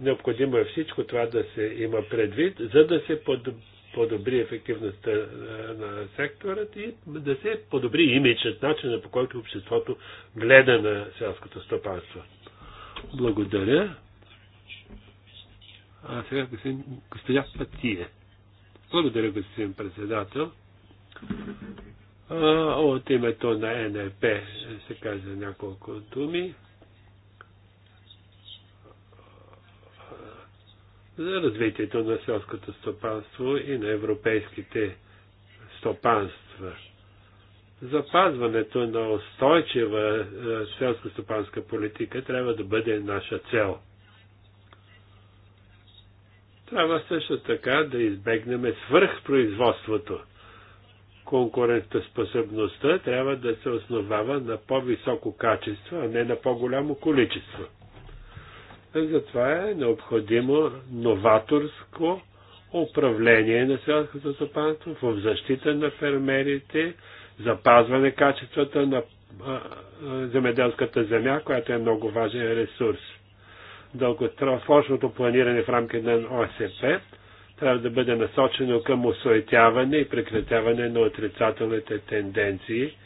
необходимо е всичко това да се има предвид, за да се подобри ефективността на секторът и да се подобри имиджът, начина по който обществото гледа на селското стопанство. Благодаря. А сега господин, госпожа Патие. Благодаря, господин председател. А, от името на НРП се каза няколко думи. за развитието на селското стопанство и на европейските стопанства. Запазването на устойчива селско-стопанска политика трябва да бъде наша цел – трябва също така да избегнем свръхпроизводството. способността трябва да се основава на по-високо качество, а не на по-голямо количество. Затова е необходимо новаторско управление на селското стопанство в защита на фермерите, запазване качествата на земеделската земя, която е много важен ресурс дългосрочното планиране в рамките на ОСП трябва да бъде насочено към осуетяване и прекратяване на отрицателните тенденции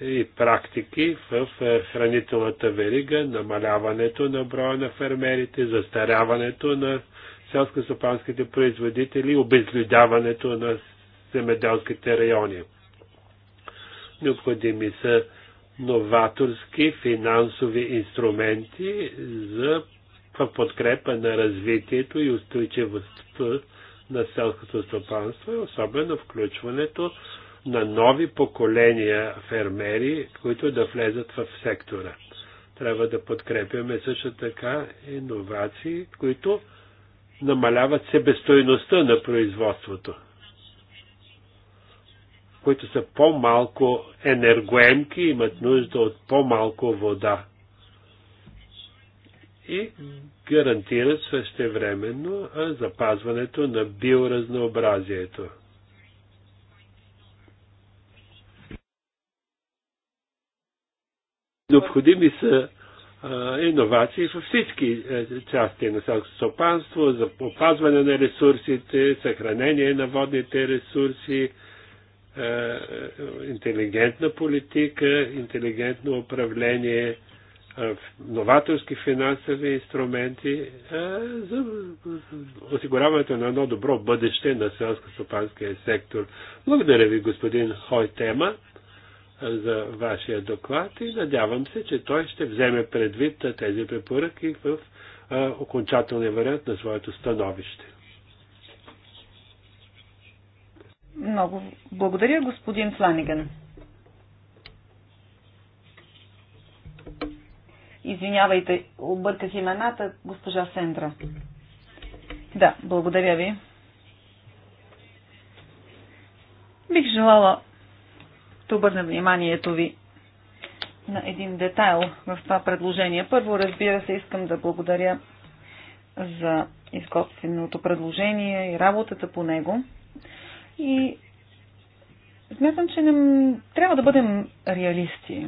и практики в е, хранителната верига, намаляването на броя на фермерите, застаряването на селско сопанските производители, обезлюдяването на земеделските райони. Необходими са новаторски финансови инструменти за подкрепа на развитието и устойчивостта на селското стопанство и особено включването на нови поколения фермери, които да влезат в сектора. Трябва да подкрепяме също така иновации, които намаляват себестойността на производството които са по-малко енергоемки, имат нужда от по-малко вода. И гарантират същевременно запазването на биоразнообразието. Необходими са иновации във всички части на селското за опазване на ресурсите, съхранение на водните ресурси, е, е, интелигентна политика, интелигентно управление, е, новаторски финансови инструменти за осигуряването на едно добро бъдеще на селско-стопанския сектор. Благодаря ви, господин Хойтема, за вашия доклад и надявам се, че той ще вземе предвид тези препоръки в окончателния вариант на своето становище. Много благодаря, господин Фланиган. Извинявайте, обърках имената, госпожа Сендра. Да, благодаря ви. Бих желала да обърна вниманието ви на един детайл в това предложение. Първо, разбира се, искам да благодаря за изготвеното предложение и работата по него. И смятам, че не, трябва да бъдем реалисти.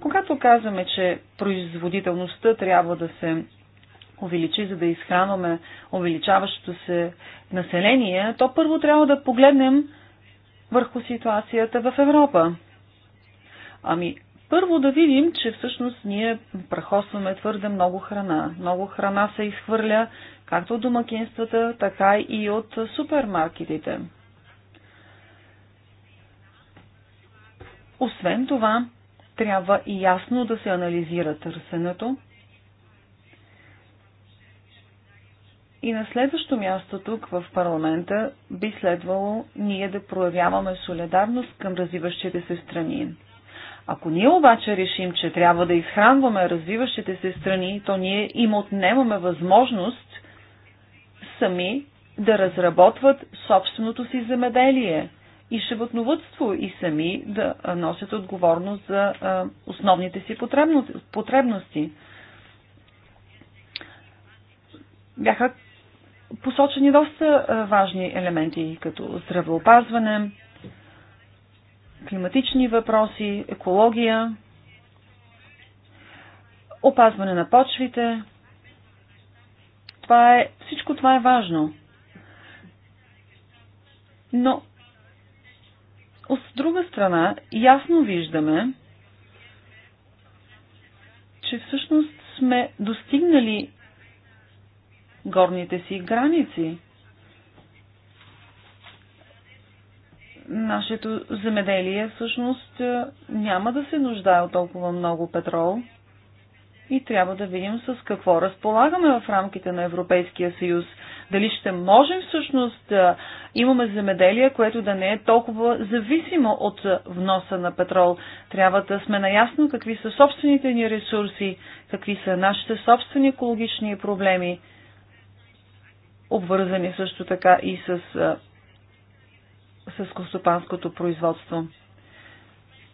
Когато казваме, че производителността трябва да се увеличи, за да изхранваме увеличаващото се население, то първо трябва да погледнем върху ситуацията в Европа. Ами, първо да видим, че всъщност ние прахосваме твърде много храна. Много храна се изхвърля както от домакинствата, така и от супермаркетите. Освен това, трябва и ясно да се анализира търсенето. И на следващо място тук в парламента би следвало ние да проявяваме солидарност към развиващите се страни. Ако ние обаче решим, че трябва да изхранваме развиващите се страни, то ние им отнемаме възможност сами да разработват собственото си земеделие – и животновътство и сами да носят отговорност за основните си потребности. Бяха посочени доста важни елементи, като здравеопазване, климатични въпроси, екология, опазване на почвите. Това е, всичко това е важно. Но от друга страна, ясно виждаме, че всъщност сме достигнали горните си граници. Нашето земеделие всъщност е, няма да се нуждае от толкова много петрол – и трябва да видим с какво разполагаме в рамките на Европейския съюз. Дали ще можем всъщност да имаме земеделие, което да не е толкова зависимо от вноса на петрол. Трябва да сме наясно какви са собствените ни ресурси, какви са нашите собствени екологични проблеми, обвързани също така и с, с костопанското производство.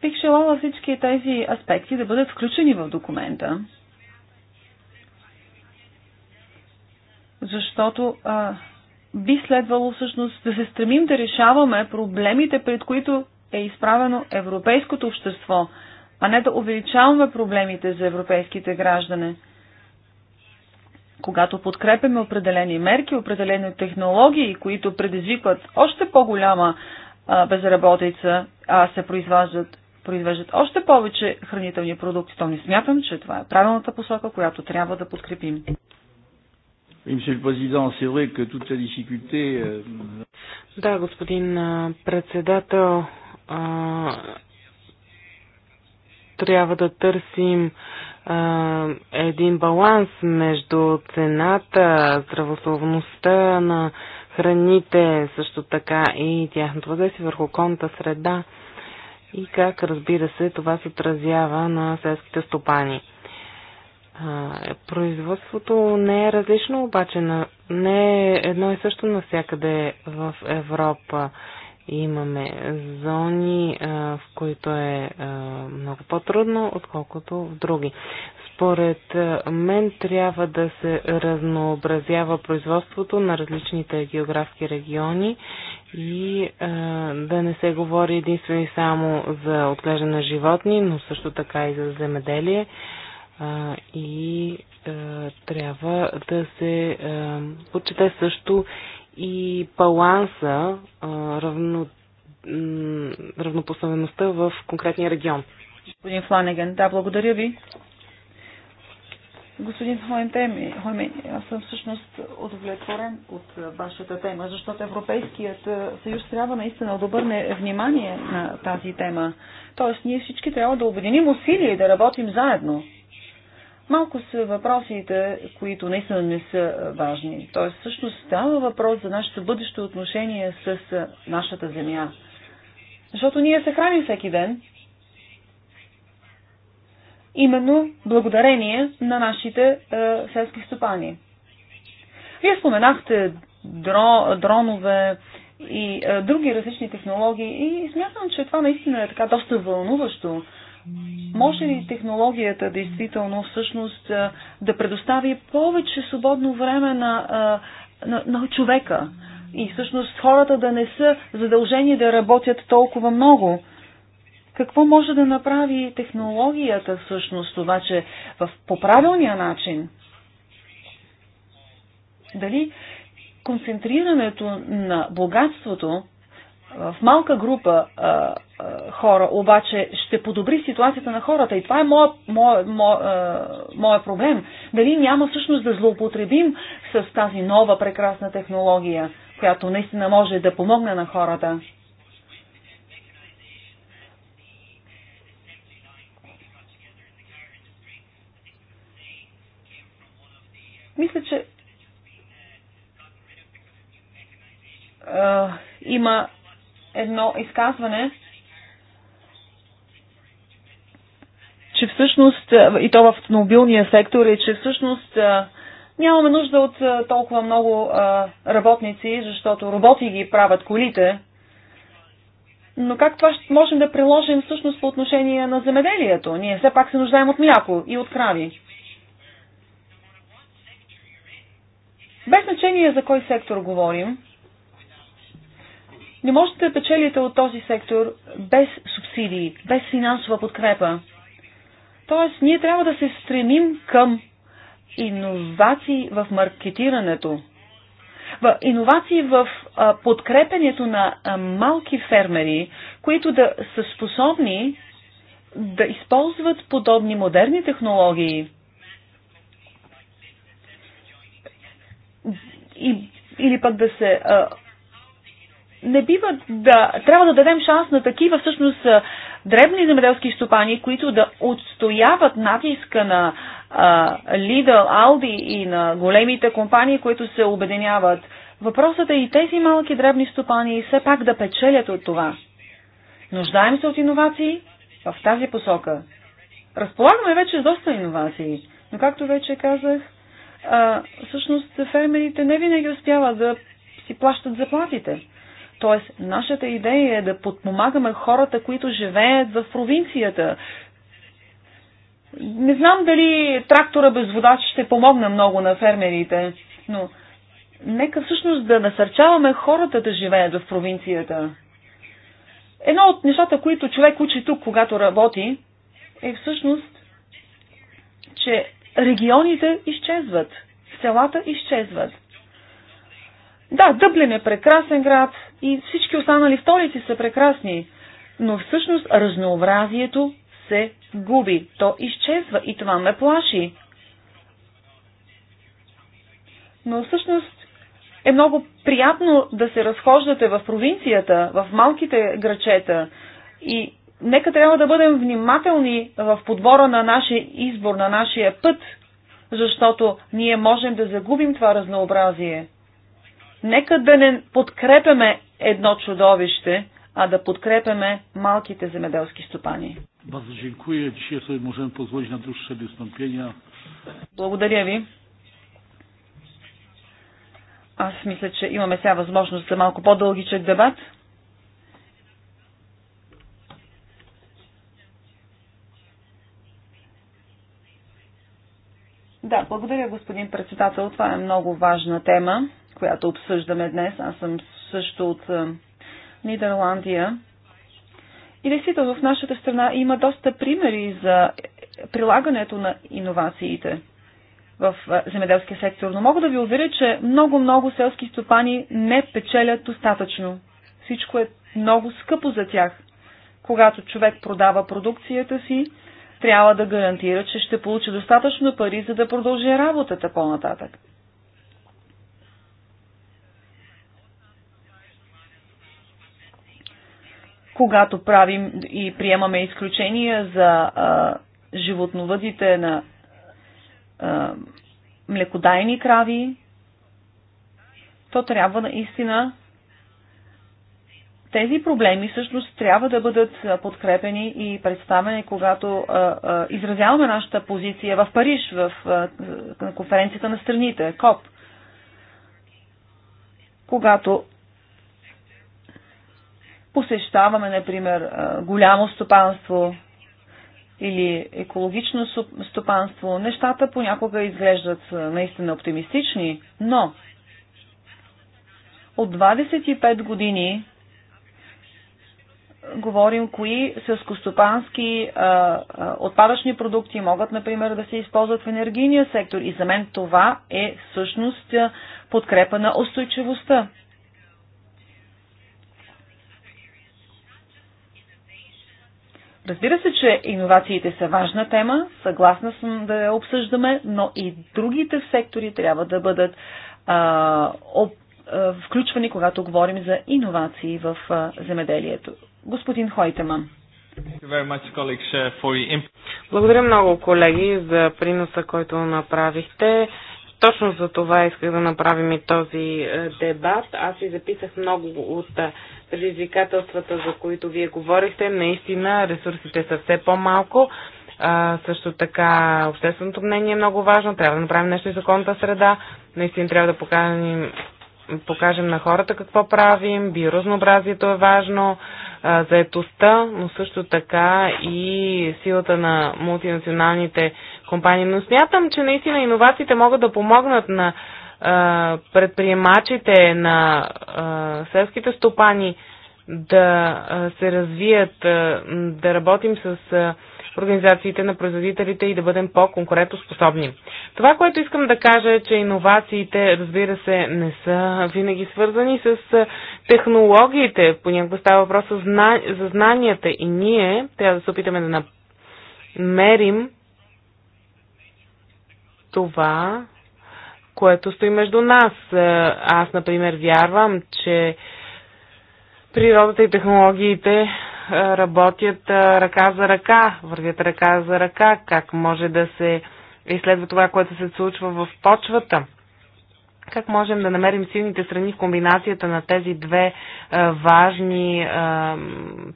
Бих желала всички тези аспекти да бъдат включени в документа. защото а, би следвало всъщност да се стремим да решаваме проблемите, пред които е изправено европейското общество, а не да увеличаваме проблемите за европейските граждани. Когато подкрепяме определени мерки, определени технологии, които предизвикват още по-голяма безработица, а се произваждат, произвеждат още повече хранителни продукти, то не смятам, че това е правилната посока, която трябва да подкрепим. Да, господин председател, трябва да търсим един баланс между цената, здравословността на храните, също така и тяхното въздействие върху околната среда и как, разбира се, това се отразява на селските стопани производството не е различно обаче, на, не е едно и също навсякъде в Европа. Имаме зони, а, в които е а, много по-трудно, отколкото в други. Според мен трябва да се разнообразява производството на различните географски региони и а, да не се говори единствено и само за отглеждане на животни, но също така и за земеделие. А, и трябва да се почете също и баланса, равно, равнопоставеността в конкретния регион. Господин Фланеген, да, благодаря ви. Господин Хоймтеми, аз съм всъщност удовлетворен от вашата тема, защото Европейският съюз трябва наистина да обърне внимание на тази тема. Тоест, ние всички трябва да обединим усилия и да работим заедно. Малко са въпросите, които наистина не са важни. Тоест, всъщност става въпрос за нашето бъдещо отношение с нашата земя. Защото ние се храним всеки ден. Именно благодарение на нашите е, селски стопани. Вие споменахте дро, дронове и е, други различни технологии и смятам, че това наистина е така доста вълнуващо може ли технологията действително всъщност да предостави повече свободно време на, на, на човека и всъщност хората да не са задължени да работят толкова много? Какво може да направи технологията всъщност че в, по правилния начин? Дали концентрирането на богатството в малка група а, а, хора, обаче ще подобри ситуацията на хората. И това е моя, моя, моя, моя проблем. Дали няма всъщност да злоупотребим с тази нова прекрасна технология, която наистина може да помогне на хората. Мисля, че а, има едно изказване, че всъщност, и то в автомобилния сектор, е, че всъщност нямаме нужда от толкова много работници, защото роботи ги правят колите. Но как това ще можем да приложим всъщност по отношение на земеделието? Ние все пак се нуждаем от мляко и от крави. Без значение за кой сектор говорим, не можете да печелите от този сектор без субсидии, без финансова подкрепа. Тоест, ние трябва да се стремим към иновации в маркетирането, в иновации в подкрепенето на малки фермери, които да са способни да използват подобни модерни технологии и, или пък да се а, не бива да... Трябва да дадем шанс на такива всъщност дребни земеделски стопани, които да отстояват натиска на Лидъл, Алди и на големите компании, които се обединяват. Въпросът е и тези малки дребни стопани все пак да печелят от това. Нуждаем се от иновации в тази посока. Разполагаме вече с доста иновации, но както вече казах, а, всъщност фермерите не винаги успяват да си плащат заплатите. Тоест, нашата идея е да подпомагаме хората, които живеят в провинцията. Не знам дали трактора без вода ще помогне много на фермерите, но нека всъщност да насърчаваме хората да живеят в провинцията. Едно от нещата, които човек учи тук, когато работи, е всъщност, че регионите изчезват, селата изчезват. Да, Дъблин е прекрасен град и всички останали столици са прекрасни, но всъщност разнообразието се губи, то изчезва и това ме плаши. Но всъщност е много приятно да се разхождате в провинцията, в малките грачета и нека трябва да бъдем внимателни в подбора на нашия избор, на нашия път, защото ние можем да загубим това разнообразие. Нека да не подкрепяме едно чудовище, а да подкрепяме малките земеделски стопани. Благодаря ви. Аз мисля, че имаме сега възможност за малко по-дългичък дебат. Да, благодаря, господин председател. Това е много важна тема която обсъждаме днес. Аз съм също от Нидерландия. И действително в нашата страна има доста примери за прилагането на иновациите в земеделския сектор. Но мога да ви уверя, че много-много селски стопани не печелят достатъчно. Всичко е много скъпо за тях. Когато човек продава продукцията си, трябва да гарантира, че ще получи достатъчно пари, за да продължи работата по-нататък. когато правим и приемаме изключения за а, животновъдите на а, млекодайни крави, то трябва наистина тези проблеми всъщност трябва да бъдат подкрепени и представени, когато а, а, изразяваме нашата позиция в Париж, в а, на конференцията на страните, КОП. Когато посещаваме, например, голямо стопанство или екологично стопанство, нещата понякога изглеждат наистина оптимистични, но от 25 години говорим кои селскостопански отпадъчни продукти могат, например, да се използват в енергийния сектор. И за мен това е всъщност подкрепа на устойчивостта. Разбира се, че иновациите са важна тема, съгласна съм да я обсъждаме, но и другите в сектори трябва да бъдат а, об, а, включвани, когато говорим за иновации в а, земеделието. Господин Хойтеман. Uh, Благодаря много, колеги, за приноса, който направихте. Точно за това исках да направим и този е, дебат. Аз си записах много от е, предизвикателствата, за които вие говорихте. Наистина ресурсите са все по-малко. А, също така общественото мнение е много важно. Трябва да направим нещо и законната среда. Наистина трябва да покажем, покажем на хората какво правим. Биоразнообразието е важно. А, заетостта, но също така и силата на мултинационалните компании. Но смятам, че наистина иновациите могат да помогнат на предприемачите, на селските стопани да се развият, да работим с организациите на производителите и да бъдем по-конкурентоспособни. Това, което искам да кажа е, че иновациите, разбира се, не са винаги свързани с технологиите. Понякога става въпрос за знанията и ние трябва да се опитаме да намерим това, което стои между нас. Е, аз, например, вярвам, че природата и технологиите е, работят е, ръка за ръка, вървят ръка за ръка, как може да се изследва това, което се случва в почвата. Как можем да намерим силните страни в комбинацията на тези две важни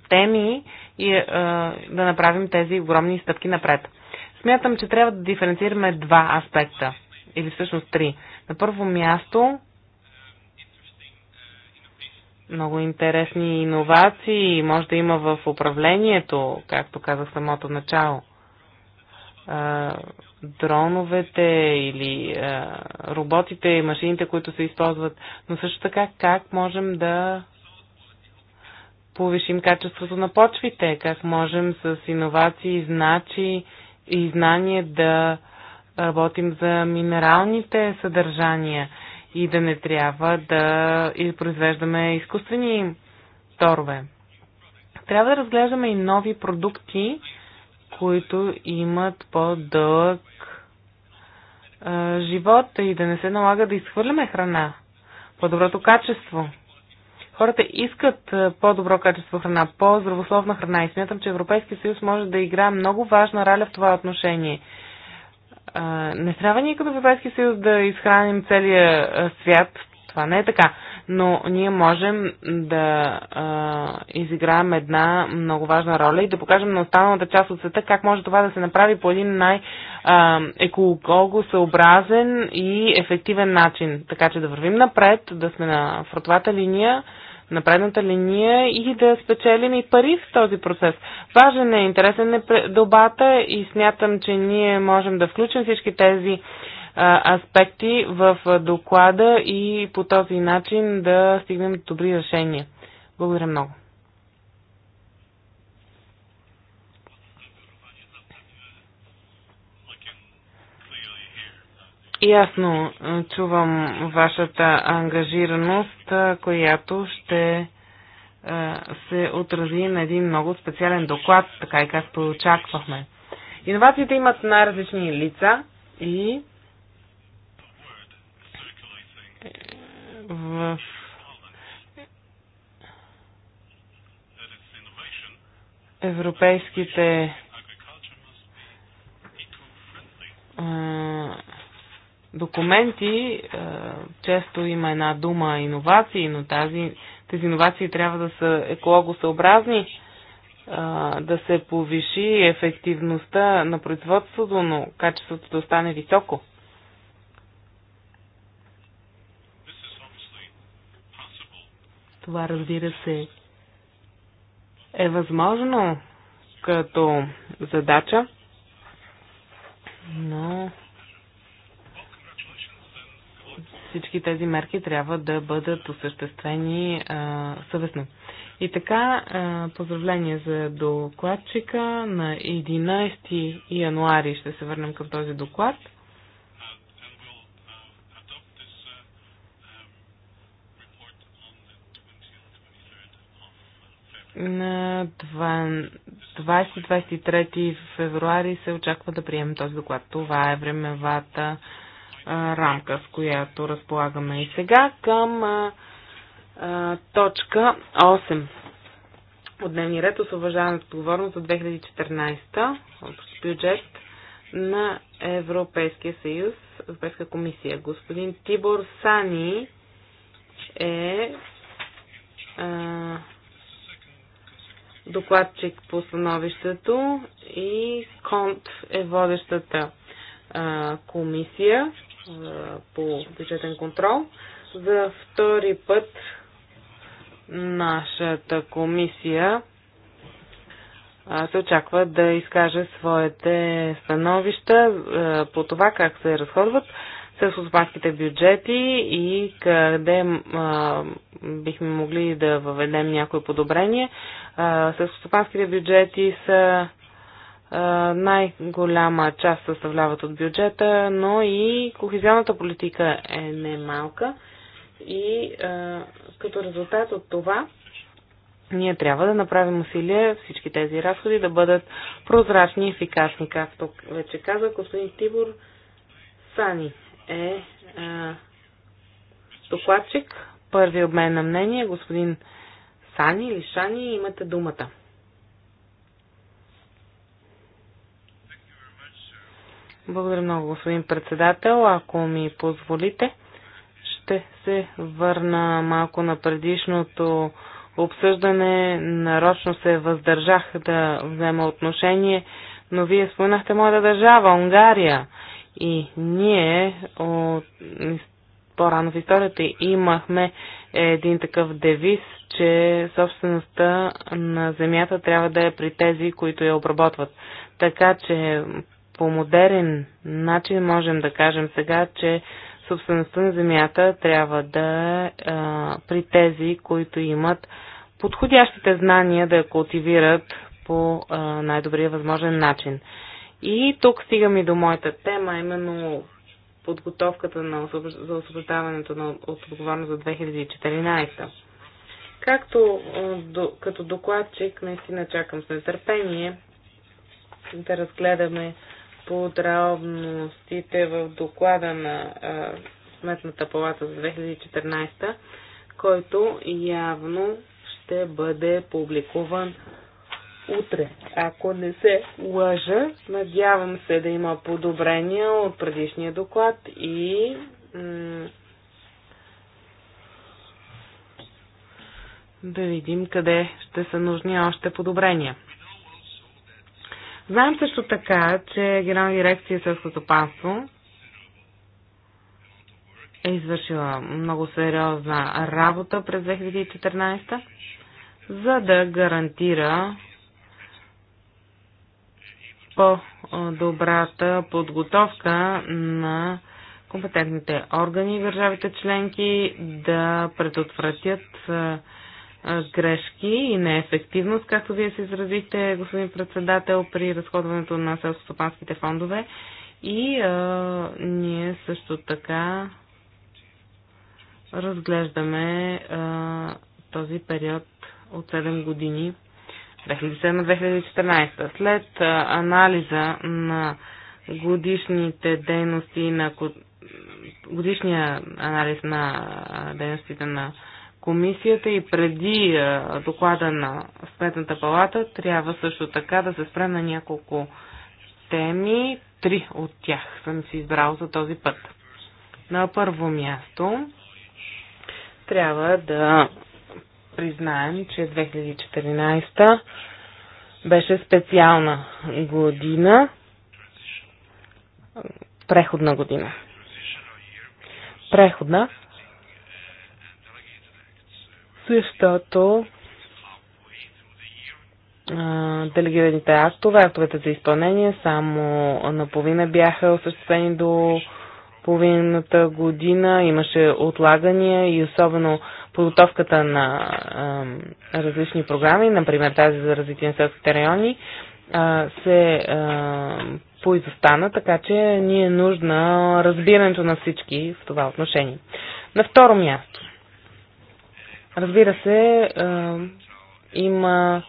теми и да направим тези огромни стъпки напред? Смятам, че трябва да диференцираме два аспекта или всъщност три. На първо място много интересни иновации може да има в управлението, както казах самото начало. Дроновете или роботите, машините, които се използват, но също така как можем да повишим качеството на почвите, как можем с иновации, значи и знание да работим за минералните съдържания и да не трябва да произвеждаме изкуствени торове. Трябва да разглеждаме и нови продукти, които имат по-дълъг живот и да не се налага да изхвърляме храна. По-доброто качество. Хората искат по-добро качество храна, по-здравословна храна и смятам, че Европейския съюз може да играе много важна роля в това отношение не трябва ние като Европейски съюз да изхраним целия свят. Това не е така. Но ние можем да а, изиграем една много важна роля и да покажем на останалата част от света как може това да се направи по един най-екологосъобразен и ефективен начин. Така че да вървим напред, да сме на фронтовата линия на предната линия и да спечелим и пари в този процес. Важен е, интересен е добата и смятам, че ние можем да включим всички тези аспекти в доклада и по този начин да стигнем добри решения. Благодаря много. Ясно чувам вашата ангажираност, която ще се отрази на един много специален доклад, така и както очаквахме. Иновациите имат най-различни лица и в европейските документи е, често има една дума иновации, но тази, тези иновации трябва да са екологосъобразни, е, да се повиши ефективността на производството, но качеството да остане високо. Това разбира се е възможно като задача, но всички тези мерки трябва да бъдат осъществени а, съвестно. И така, а, поздравление за докладчика. На 11 януари ще се върнем към този доклад. На 20-23 февруари се очаква да приемем този доклад. Това е времевата рамка, с която разполагаме и сега, към а, а, точка 8 от дневния ред освобождаване от отговорност за 2014 от бюджет на Европейския съюз, Европейска комисия. Господин Тибор Сани е а, докладчик по становището и Конт е водещата а, комисия по бюджетен контрол. За втори път нашата комисия се очаква да изкаже своите становища по това как се разходват селскостопанските бюджети и къде бихме могли да въведем някои подобрения. Селскостопанските бюджети са е, най-голяма част съставляват от бюджета, но и кохезионната политика е немалка. И а, е, като резултат от това, ние трябва да направим усилия всички тези разходи да бъдат прозрачни и ефикасни. Както вече казах, господин Тибор Сани е а, е, докладчик. Първи обмен на мнение, господин Сани или Шани, имате думата. Благодаря много, господин председател. Ако ми позволите, ще се върна малко на предишното обсъждане. Нарочно се въздържах да взема отношение, но вие споменахте моята държава, Унгария. И ние от, по-рано в историята имахме един такъв девиз, че собствеността на земята трябва да е при тези, които я обработват. Така че по модерен начин можем да кажем сега, че собствеността на земята трябва да е при тези, които имат подходящите знания да я култивират по най-добрия възможен начин. И тук стигам и до моята тема, именно подготовката на, за освобождаването на, от отговорност за 2014. Както до, като докладчик, наистина чакам с нетърпение да разгледаме подробностите в доклада на Сметната палата за 2014, който явно ще бъде публикуван утре. Ако не се лъжа, надявам се да има подобрения от предишния доклад и да видим къде ще са нужни още подобрения. Знаем също така, че Генерална дирекция със стопанство е извършила много сериозна работа през 2014, за да гарантира по-добрата подготовка на компетентните органи и държавите членки да предотвратят грешки и неефективност, както вие се изразихте, господин председател, при разходването на селско селско-стопанските фондове. И а, ние също така разглеждаме а, този период от 7 години 2007-2014. След а, анализа на годишните дейности на годишния анализ на дейностите на комисията и преди доклада на Сметната палата трябва също така да се спре на няколко теми. Три от тях съм си избрал за този път. На първо място трябва да признаем, че 2014 беше специална година, преходна година. Преходна, защото делегираните актове, актовете за изпълнение само наполовина бяха осъществени до половината година. Имаше отлагания и особено подготовката на а, различни програми, например тази за развитие на селските райони, а, се а, поизостана, така че ни е нужна разбирането на всички в това отношение. На второ място, Разбира се, има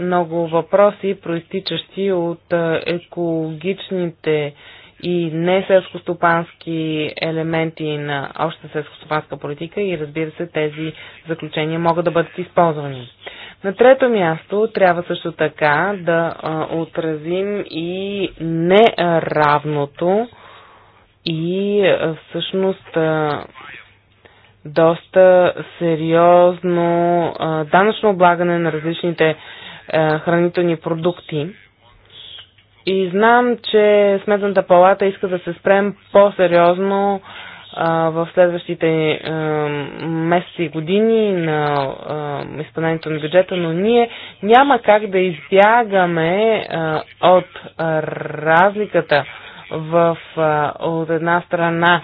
много въпроси, проистичащи от екологичните и не селскостопански елементи на обща селскостопанска политика и разбира се тези заключения могат да бъдат използвани. На трето място трябва също така да отразим и неравното и всъщност доста сериозно а, данъчно облагане на различните а, хранителни продукти. И знам, че Сметната палата иска да се спрем по-сериозно в следващите а, месеци и години на а, изпълнението на бюджета, но ние няма как да избягаме а, от а, разликата в, а, от една страна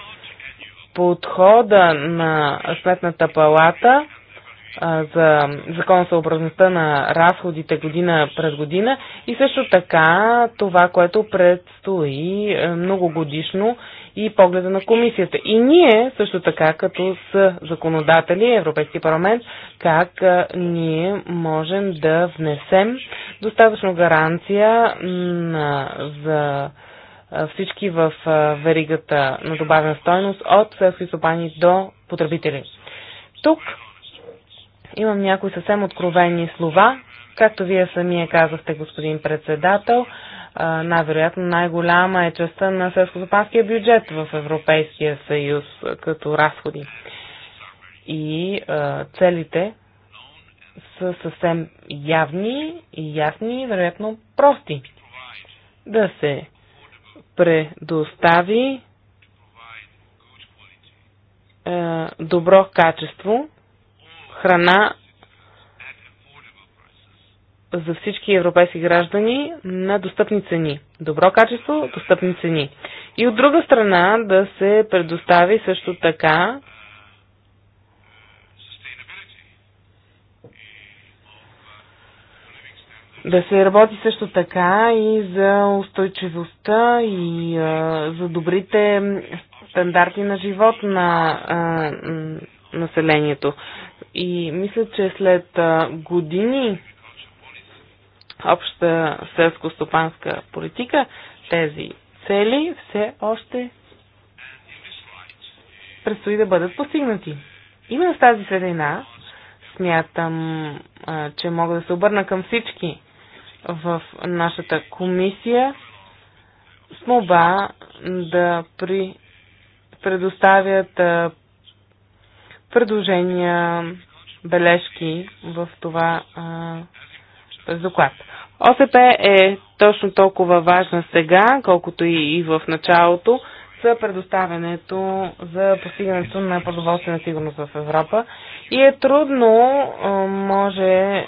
подхода на Сметната палата за законосъобразността на разходите година през година и също така това, което предстои е, многогодишно и погледа на комисията. И ние също така, като с законодатели, Европейски парламент, как ние можем да внесем достатъчно гаранция на, за всички в веригата на добавена стойност от селски стопани до потребители. Тук имам някои съвсем откровени слова, както вие самия казахте, господин председател, най-вероятно най-голяма е частта на селскостопанския бюджет в Европейския съюз като разходи. И целите са съвсем явни и ясни и вероятно прости. Да се предостави е, добро качество храна за всички европейски граждани на достъпни цени. Добро качество, достъпни цени. И от друга страна да се предостави също така Да се работи също така и за устойчивостта и а, за добрите стандарти на живот на а, населението. И мисля, че след а, години обща селско-стопанска политика тези цели все още предстои да бъдат постигнати. Именно с тази средина смятам, че мога да се обърна към всички в нашата комисия с моба да при, предоставят предложения, бележки в това доклад. ОСП е точно толкова важна сега, колкото и, и в началото, за предоставянето, за постигането на продоволствена сигурност в Европа. И е трудно, може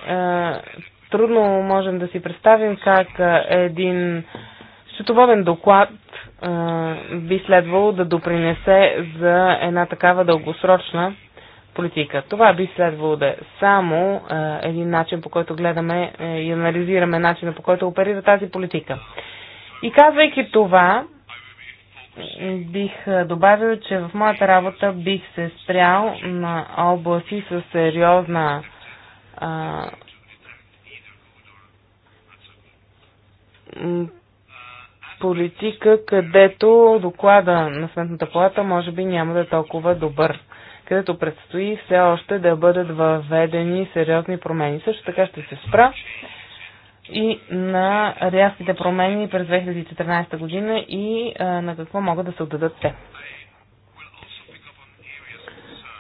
трудно можем да си представим как един счетоводен доклад би следвало да допринесе за една такава дългосрочна политика. Това би следвало да е само един начин, по който гледаме е, и анализираме начина, по който оперира тази политика. И казвайки това, бих добавил, че в моята работа бих се спрял на области с сериозна политика, където доклада на Сметната палата може би няма да е толкова добър, където предстои все още да бъдат въведени сериозни промени. Също така ще се спра и на рязките промени през 2014 година и а, на какво могат да се отдадат те.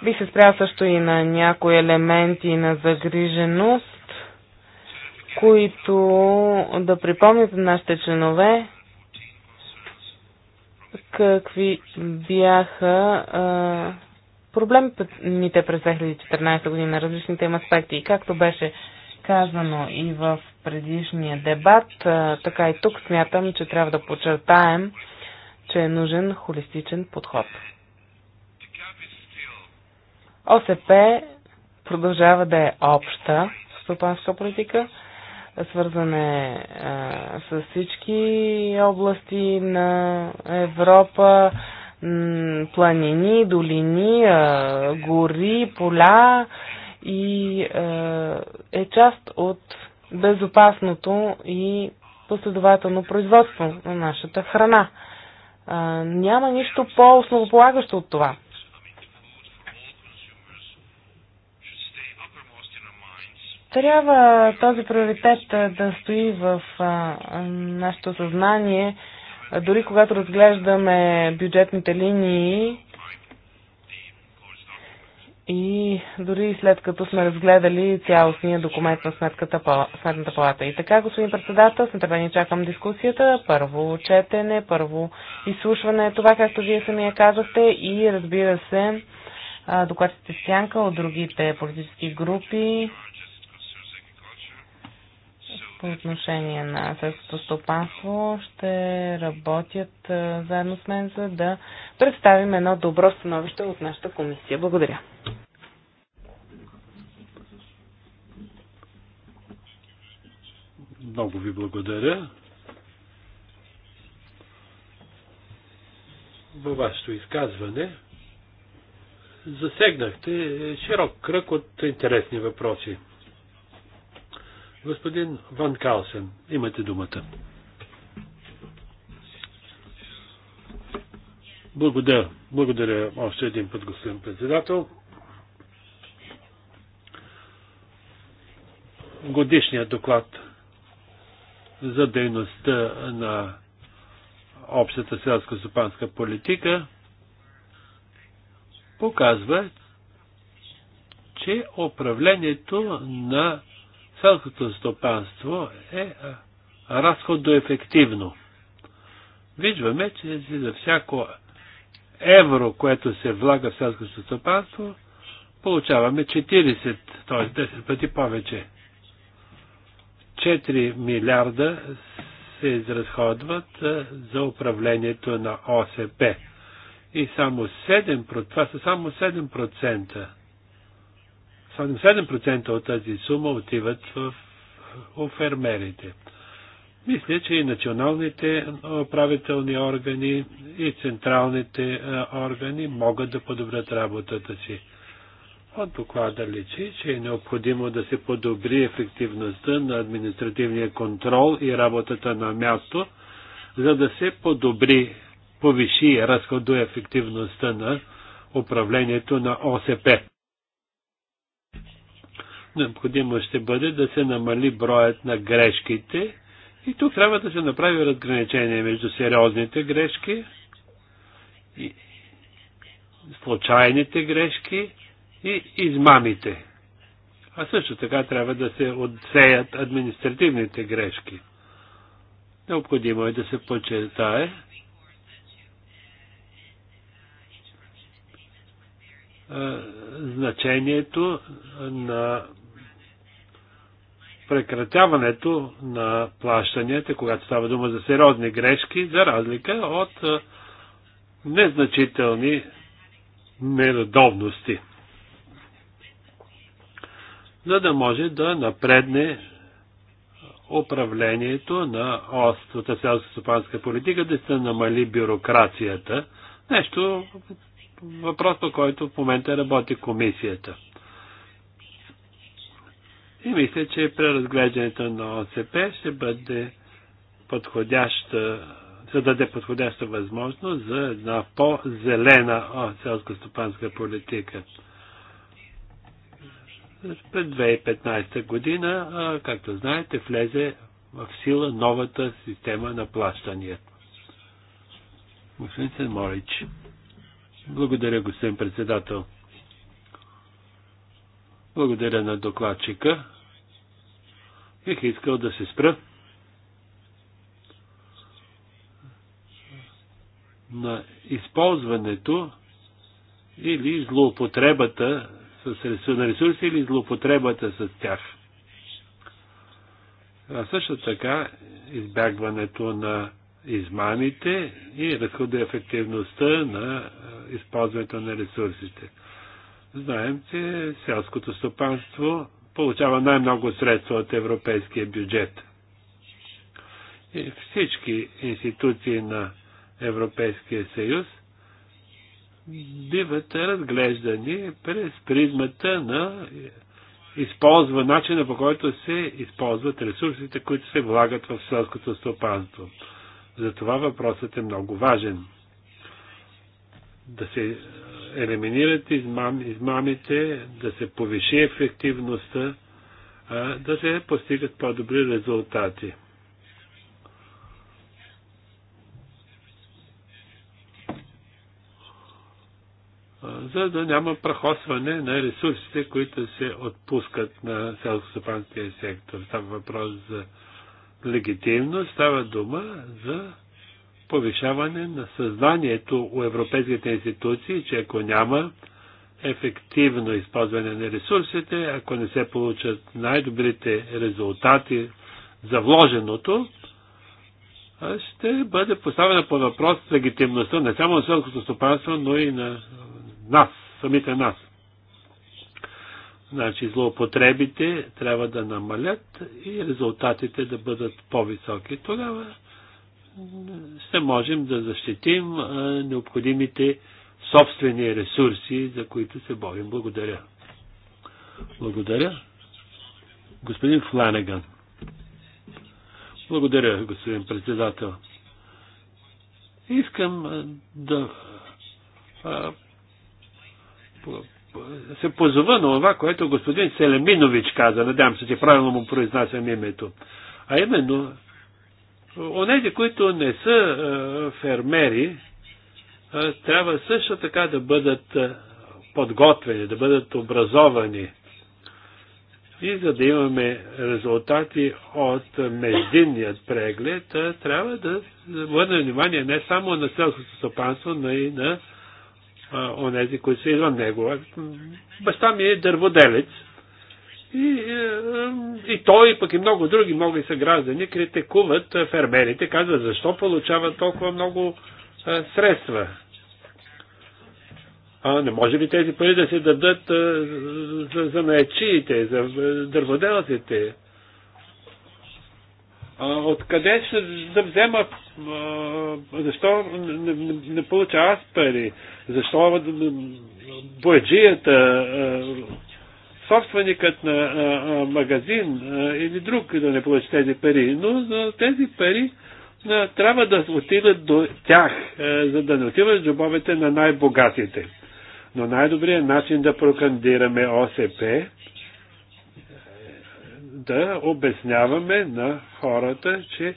Бих се спрял също и на някои елементи на загриженост, които да припомнят нашите членове какви бяха а, проблемите през 2014 година, на различните им аспекти. И както беше казано и в предишния дебат, а, така и тук смятам, че трябва да подчертаем, че е нужен холистичен подход. ОСП продължава да е обща стопанска политика, свързане а, с всички области на Европа, планини, долини, гори, поля и е част от безопасното и последователно производство на нашата храна. няма нищо по-основополагащо от това. Трябва този приоритет да стои в нашето съзнание, дори когато разглеждаме бюджетните линии и дори след като сме разгледали цялостния документ на Сметната палата. И така, господин председател, с нетърпение чакам дискусията. Първо четене, първо изслушване, това както вие самия казвате и разбира се, докладите Сянка от другите политически групи по отношение на селското стопанство ще работят заедно с мен, за да представим едно добро становище от нашата комисия. Благодаря. Много ви благодаря. Във вашето изказване засегнахте широк кръг от интересни въпроси. Господин Ван Калсен, имате думата. Благодаря. Благодаря още един път, господин председател. Годишният доклад за дейността на общата селско супанска политика показва, че управлението на селското стопанство е разходоефективно. Виждаме, че за всяко евро, което се влага в селското стопанство, получаваме 40, т.е. 10 пъти повече. 4 милиарда се изразходват за управлението на ОСП. И само 7, това са само 7% 7% от тази сума отиват в, фермерите. Мисля, че и националните управителни органи и централните органи могат да подобрят работата си. От доклада личи, че е необходимо да се подобри ефективността на административния контрол и работата на място, за да се подобри, повиши разходоефективността на управлението на ОСП. Необходимо ще бъде да се намали броят на грешките и тук трябва да се направи разграничение между сериозните грешки и случайните грешки и измамите. А също така трябва да се отсеят административните грешки. Необходимо е да се подчертае, значението на прекратяването на плащанията, когато става дума за сериозни грешки, за разлика от незначителни нередовности. За да може да напредне управлението на острата селско-стопанска политика, да се намали бюрокрацията. Нещо, въпрос по който в момента работи комисията. И мисля, че преразглеждането на ОСП ще бъде подходяща, ще даде подходяща възможност за една по-зелена селско-стопанска политика. През 2015 година, както знаете, влезе в сила новата система на плащания. Господин Морич, Благодаря, господин председател. Благодаря на докладчика. Бих искал да се спра на използването или злоупотребата с ресурси или злоупотребата с тях. А също така избягването на измамите и ефективността на използването на ресурсите. Знаем, че селското стопанство получава най-много средства от европейския бюджет. И всички институции на Европейския съюз биват разглеждани през призмата на използва начина по който се използват ресурсите, които се влагат в селското стопанство. Затова въпросът е много важен. Да се елиминират измам, измамите, да се повиши ефективността, да се постигат по-добри резултати. за да няма прахосване на ресурсите, които се отпускат на селско-стопанския сектор. Става въпрос за легитимност, става дума за повишаване на съзнанието у европейските институции, че ако няма ефективно използване на ресурсите, ако не се получат най-добрите резултати за вложеното, ще бъде поставена по въпрос легитимността не само на селското стопанство, но и на нас, самите нас. Значи злоупотребите трябва да намалят и резултатите да бъдат по-високи. Тогава ще можем да защитим необходимите собствени ресурси, за които се борим. Благодаря. Благодаря. Господин Фланеган. Благодаря, господин председател. Искам да се позова на това, което господин Селеминович каза. Надявам се, че правилно му произнасям името. А именно, Онези, които не са е, фермери, е, трябва също така да бъдат е, подготвени, да бъдат образовани. И за да имаме резултати от междинният преглед, трябва да върнем внимание не само на селското стопанство, но и на онези, които са извън него. Баща ми е дърводелец и, е, и той, пък и много други много и съграждани критикуват е, фермерите, казват защо получават толкова много а, е, средства. А не може ли тези пари да се дадат а, за, за наечиите, за дърводелците? Откъде ще да взема, а, защо не, не, не получава аз пари? Защо бояджията, собственикът на а, а, магазин а, или друг да не получи тези пари, но за тези пари а, трябва да отидат до тях, а, за да не отиват в джобовете на най-богатите. Но най-добрият начин да прокандираме ОСП е да обясняваме на хората, че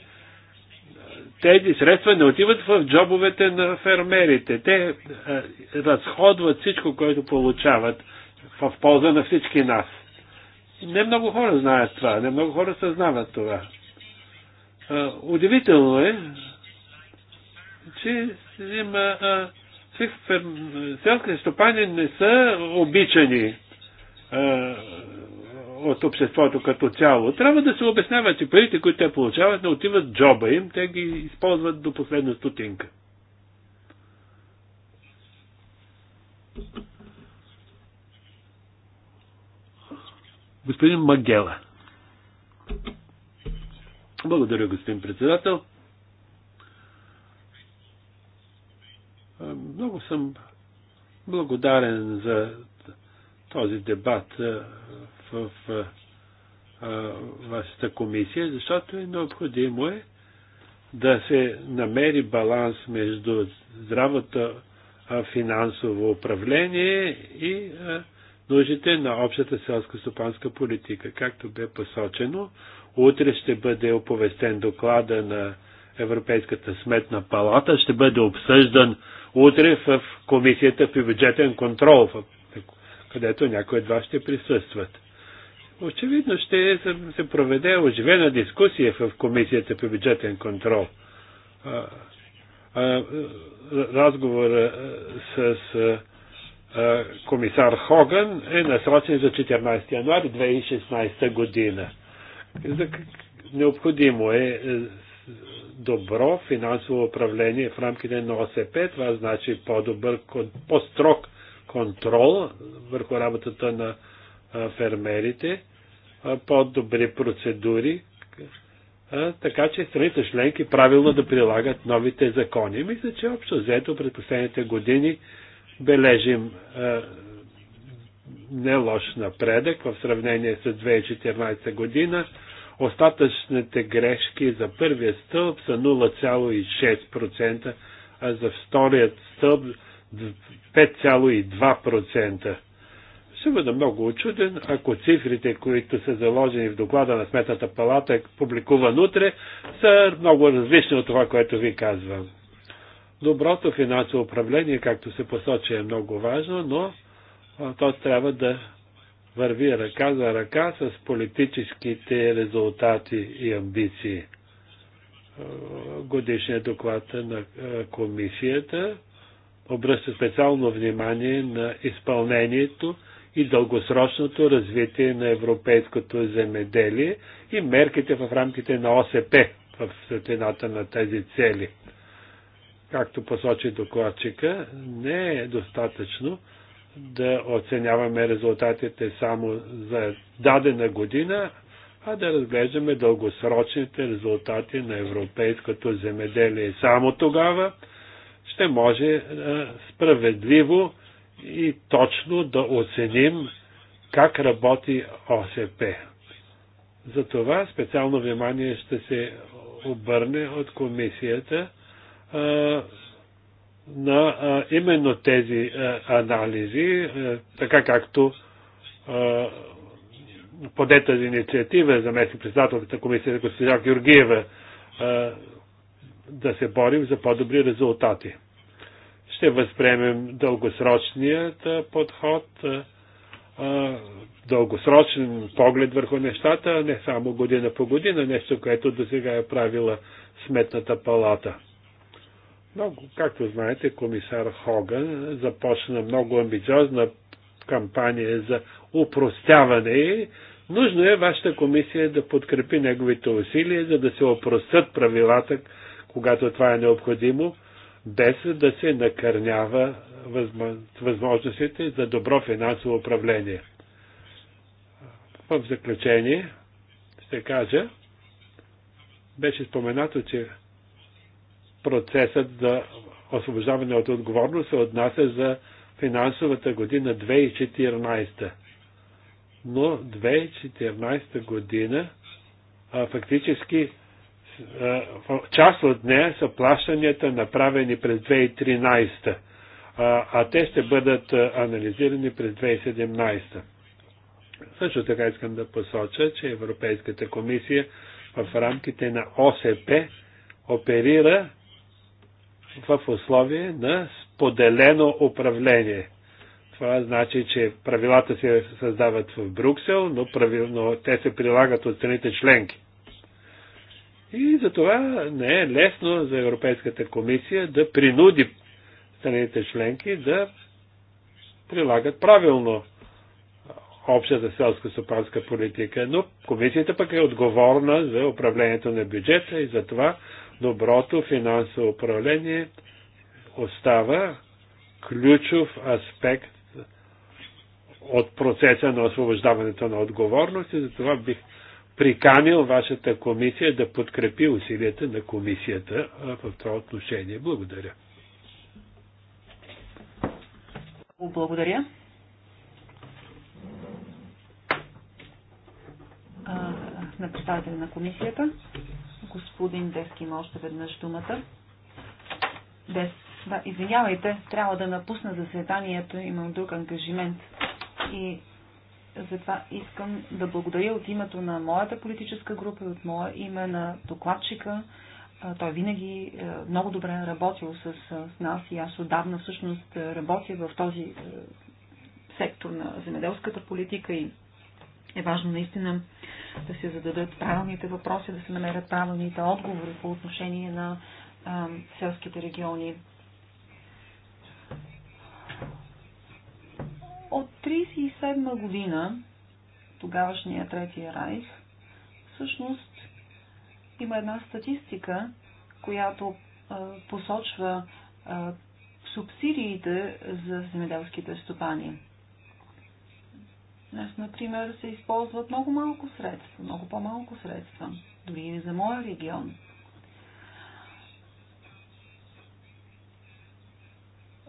тези средства не отиват в джобовете на фермерите. Те разходват всичко, което получават в полза на всички нас. Не много хора знаят това, не много хора съзнават това. Удивително е, че има, селските стопани не са обичани а, от обществото като цяло. Трябва да се обяснява, че парите, които те получават, не отиват джоба им, те ги използват до последна стотинка. Господин Магела. Благодаря, господин председател. Много съм благодарен за този дебат в вашата комисия, защото е необходимо е да се намери баланс между здравото финансово управление и а, нуждите на общата селско-стопанска политика. Както бе посочено, утре ще бъде оповестен доклада на Европейската сметна палата, ще бъде обсъждан утре в комисията по бюджетен контрол, където някои от вас ще присъстват. Очевидно ще се проведе оживена дискусия в комисията по бюджетен контрол. Разговор с комисар Хоган е насрочен за 14 януари 2016 година. За необходимо е, е добро финансово управление в рамките на ОСП. Това значи по-добър, по-строг контрол върху работата на фермерите, по-добри процедури, така че страните членки правилно да прилагат новите закони. Мисля, че общо взето през последните години бележим не лош напредък в сравнение с 2014 година. Остатъчните грешки за първия стълб са 0,6%, а за вторият стълб 5,2%. Ще бъда много очуден, ако цифрите, които са заложени в доклада на Сметната палата, публикуван утре, са много различни от това, което ви казвам. Доброто финансово управление, както се посочи, е много важно, но то трябва да върви ръка за ръка с политическите резултати и амбиции. Годишният доклад на комисията обръща специално внимание на изпълнението и дългосрочното развитие на европейското земеделие и мерките в рамките на ОСП в светлината на тези цели както посочи докладчика, не е достатъчно да оценяваме резултатите само за дадена година, а да разглеждаме дългосрочните резултати на европейското земеделие. Само тогава ще може справедливо и точно да оценим как работи ОСП. За това специално внимание ще се обърне от комисията на а, именно тези а, анализи, а, така както а, поде тази инициатива за местни председателката комисия госпожа Георгиева а, да се борим за по-добри резултати. Ще възприемем дългосрочният подход, дългосрочен поглед върху нещата, не само година по година, нещо, което до сега е правила Сметната палата. Много, както знаете, комисар Хоган започна много амбициозна кампания за упростяване. Нужно е вашата комисия да подкрепи неговите усилия, за да се опростят правилата, когато това е необходимо, без да се накърнява възможностите за добро финансово управление. В заключение ще кажа, беше споменато, че процесът за освобождаване от отговорност се отнася за финансовата година 2014. Но 2014 година а, фактически а, част от нея са плащанията направени през 2013, а, а те ще бъдат анализирани през 2017. Също така искам да посоча, че Европейската комисия в рамките на ОСП оперира в условие на споделено управление. Това значи, че правилата се създават в Брюксел, но, правил, но те се прилагат от страните членки. И за това не е лесно за Европейската комисия да принуди страните членки да прилагат правилно общата селско-стопанска политика, но комисията пък е отговорна за управлението на бюджета и за това доброто финансово управление остава ключов аспект от процеса на освобождаването на отговорност и затова бих приканил вашата комисия да подкрепи усилията на комисията в това отношение. Благодаря. Благодаря. на представителя на комисията. Господин Дески има още веднъж думата. Без... Да, извинявайте, трябва да напусна заседанието, имам друг ангажимент. И затова искам да благодаря от името на моята политическа група и от моя име на докладчика. Той винаги много добре е работил с нас и аз отдавна всъщност работя в този сектор на земеделската политика и е важно наистина да се зададат правилните въпроси, да се намерят правилните отговори по отношение на а, селските региони. От 1937 година, тогавашния Третия райх, всъщност има една статистика, която а, посочва а, субсидиите за земеделските стопани. Аз, например, се използват много малко средства, много по-малко средства, дори и за моя регион.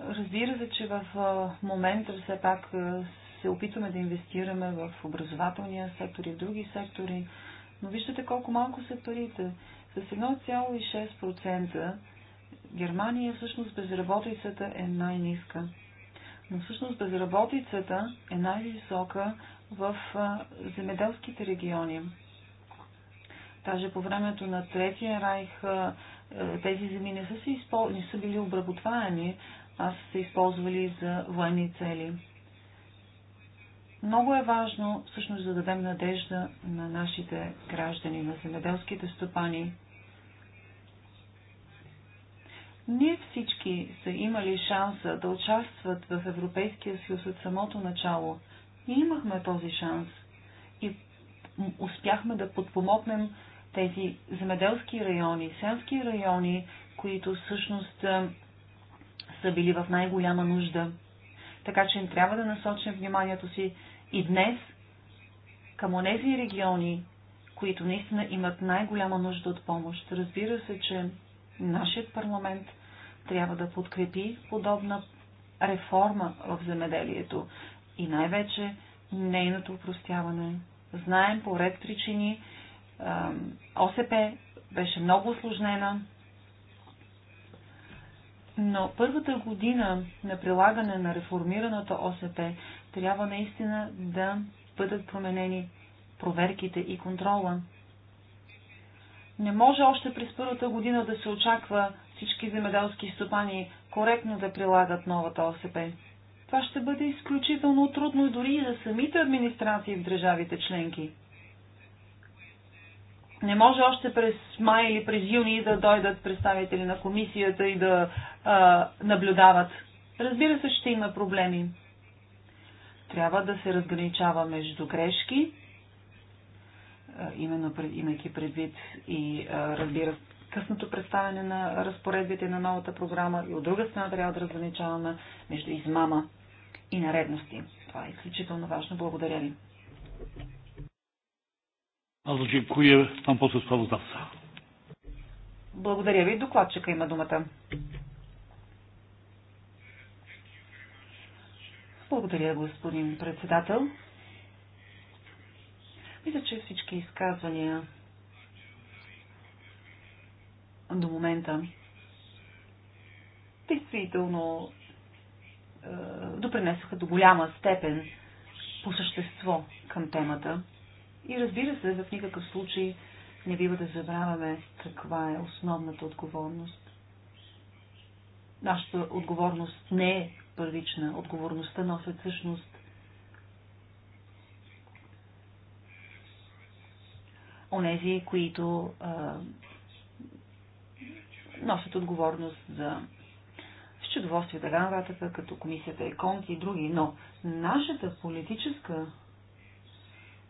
Разбира се, че в момента все пак се опитваме да инвестираме в образователния сектор и в други сектори, но виждате колко малко са парите. С 1,6% Германия всъщност безработицата е най-ниска. Но всъщност безработицата е най-висока в земеделските региони. Даже по времето на Третия райх тези земи не са, се изпол... не са били обработваеми, а са се използвали за военни цели. Много е важно всъщност да дадем надежда на нашите граждани, на земеделските стопани, не всички са имали шанса да участват в Европейския съюз от самото начало. И имахме този шанс и успяхме да подпомогнем тези земеделски райони, селски райони, които всъщност са били в най-голяма нужда. Така че им трябва да насочим вниманието си и днес към онези региони, които наистина имат най-голяма нужда от помощ. Разбира се, че Нашият парламент трябва да подкрепи подобна реформа в земеделието и най-вече нейното упростяване. Знаем по ред причини, ОСП беше много осложнена, но първата година на прилагане на реформираната ОСП трябва наистина да бъдат променени проверките и контрола. Не може още през първата година да се очаква всички земеделски стопани коректно да прилагат новата ОСП. Това ще бъде изключително трудно дори и за самите администрации в държавите членки. Не може още през май или през юни да дойдат представители на комисията и да а, наблюдават. Разбира се, ще има проблеми. Трябва да се разграничава между грешки именно пред, имайки предвид и разбира късното представяне на разпоредбите на новата програма и от друга страна трябва да разграничаваме между измама и наредности. Това е изключително важно. Благодаря ви. Благодаря ви. Докладчика има думата. Благодаря, господин председател. Мисля, че всички изказвания до момента действително е, допринесоха до голяма степен по същество към темата. И разбира се, в никакъв случай не бива да забравяме каква е основната отговорност. Нашата отговорност не е първична. Отговорността носят всъщност онези, които а, носят отговорност за счетоводство и така нататък, като комисията ЕКОНТ и други. Но нашата политическа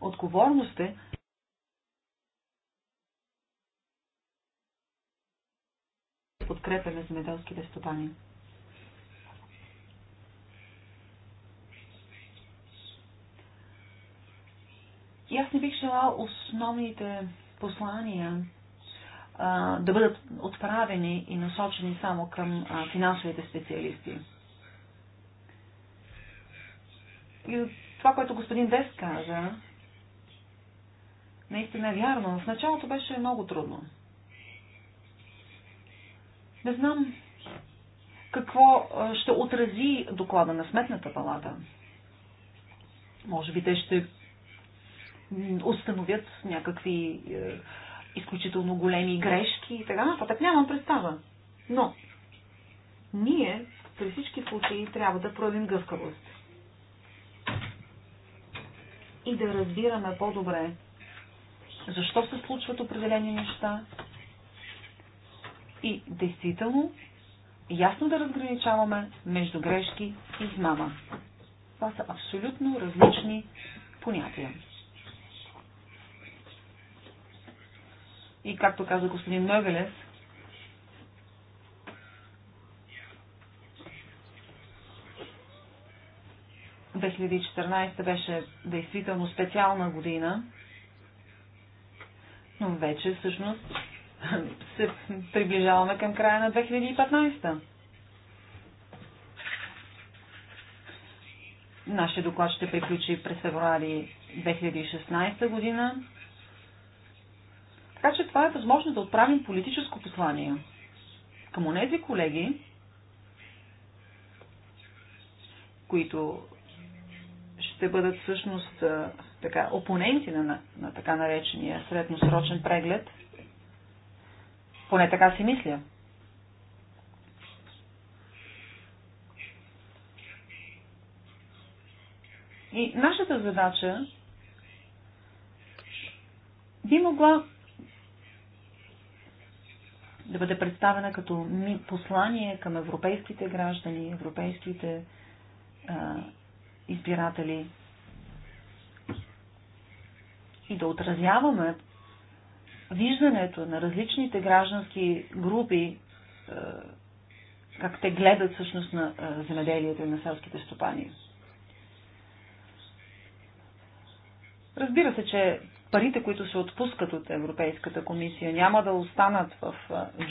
отговорност е подкрепяме земеделските стопани. И аз не бих желал основните послания а, да бъдат отправени и насочени само към а, финансовите специалисти. И това, което господин Дес каза, наистина е вярно. В началото беше много трудно. Не знам какво ще отрази доклада на Сметната палата. Може би те ще установят някакви е, изключително големи грешки и така нататък. Нямам представа. Но ние при всички случаи трябва да проявим гъвкавост и да разбираме по-добре защо се случват определени неща и действително ясно да разграничаваме между грешки и измама. Това са абсолютно различни понятия. И както каза господин Мъгелев, ...2014 беше действително специална година, но вече всъщност се приближаваме към края на 2015. Нашия доклад ще приключи през февруари 2016 година. Така че това е възможно да отправим политическо послание към онези колеги, които ще бъдат всъщност така, опоненти на, на така наречения средносрочен преглед. Поне така си мисля. И нашата задача би могла да бъде представена като послание към европейските граждани, европейските а, избиратели и да отразяваме виждането на различните граждански групи, а, как те гледат всъщност на а, земеделието и на селските стопани. Разбира се, че парите, които се отпускат от Европейската комисия, няма да останат в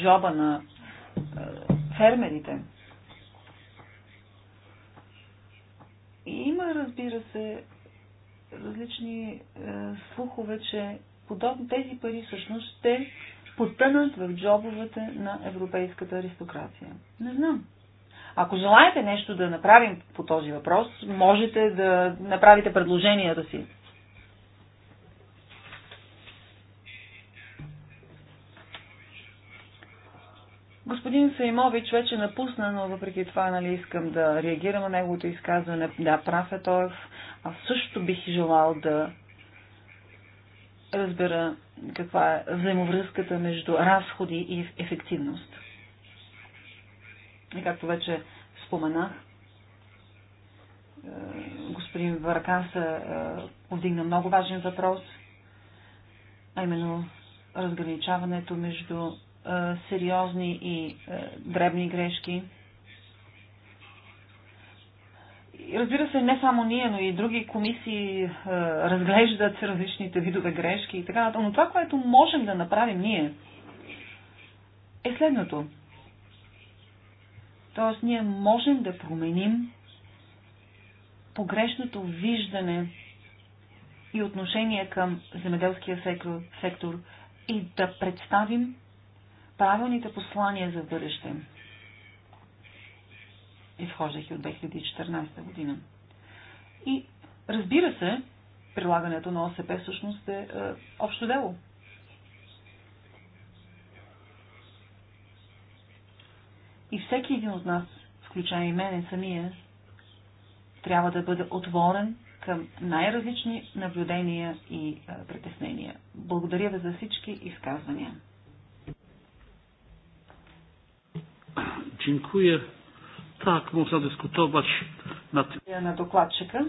джоба на фермерите. И има, разбира се, различни е, слухове, че подобно тези пари всъщност ще потънат в джобовете на европейската аристокрация. Не знам. Ако желаете нещо да направим по този въпрос, можете да направите предложенията си Господин Саймович вече напусна, но въпреки това нали, искам да реагирам на неговото изказване. Да, прав е той. Аз също бих желал да разбера каква е взаимовръзката между разходи и ефективност. И както вече споменах, е, господин Варакаса е, повдигна много важен въпрос, а именно разграничаването между сериозни и дребни грешки. Разбира се, не само ние, но и други комисии разглеждат различните видове грешки и така нататък. Но това, което можем да направим ние, е следното. Тоест, ние можем да променим погрешното виждане и отношение към земеделския сектор, сектор и да представим правилните послания за бъдеще, изхождайки от 2014 година. И разбира се, прилагането на ОСП всъщност е, е общо дело. И всеки един от нас, включая и мене самия, трябва да бъде отворен към най-различни наблюдения и е, притеснения. Благодаря ви за всички изказвания. Dziękuję. Tak, można dyskutować na tym. Na dokładczyka.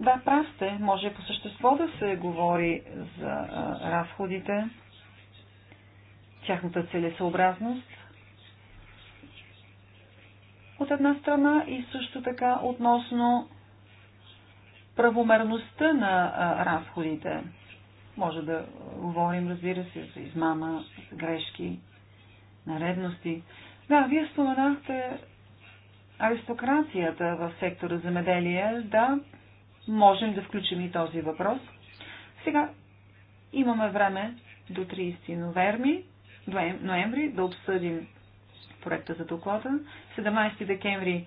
Да, прав сте. Може по същество да се говори за а, разходите, тяхната целесообразност. От една страна и също така относно правомерността на а, разходите. Може да говорим, разбира се, за измама, за грешки, наредности. Да, вие споменахте аристокрацията в сектора земеделие. Да, можем да включим и този въпрос. Сега имаме време до 30 ноември, ноември да обсъдим проекта за доклада. 17 декември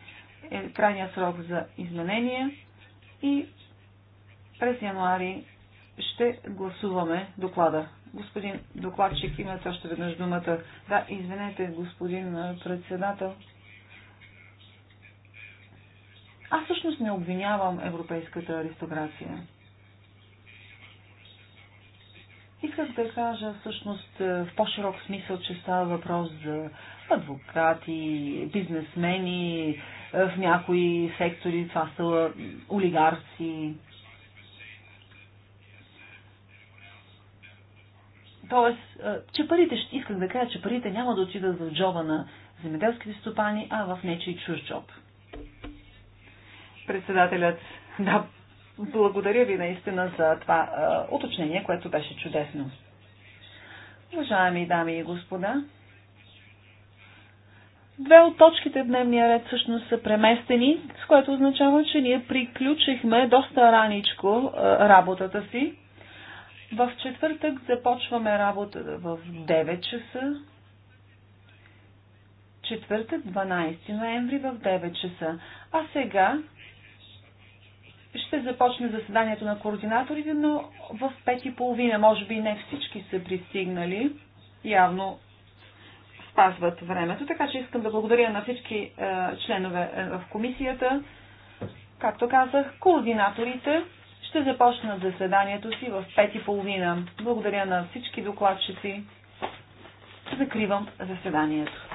е крайният срок за изменения и през януари ще гласуваме доклада. Господин докладчик, имате още веднъж думата. Да, извинете, господин председател. Аз всъщност не обвинявам европейската аристокрация. Исках да кажа всъщност в по-широк смисъл, че става въпрос за адвокати, бизнесмени, в някои сектори това са олигарци. Тоест, че парите, ще исках да кажа, че парите няма да отидат в джоба на земеделските стопани, а в нечи чуж джоб. Председателят, да, благодаря ви наистина за това е, уточнение, което беше чудесно. Уважаеми дами и господа, Две от точките в дневния ред всъщност са преместени, с което означава, че ние приключихме доста раничко е, работата си. В четвъртък започваме работа в 9 часа. Четвъртък, 12 ноември в 9 часа. А сега ще започне заседанието на координаторите, но в 5 и половина. Може би не всички са пристигнали. Явно спазват времето. Така че искам да благодаря на всички е, членове е, в комисията. Както казах, координаторите ще започнат заседанието си в 5.30. Благодаря на всички докладчици. Закривам заседанието.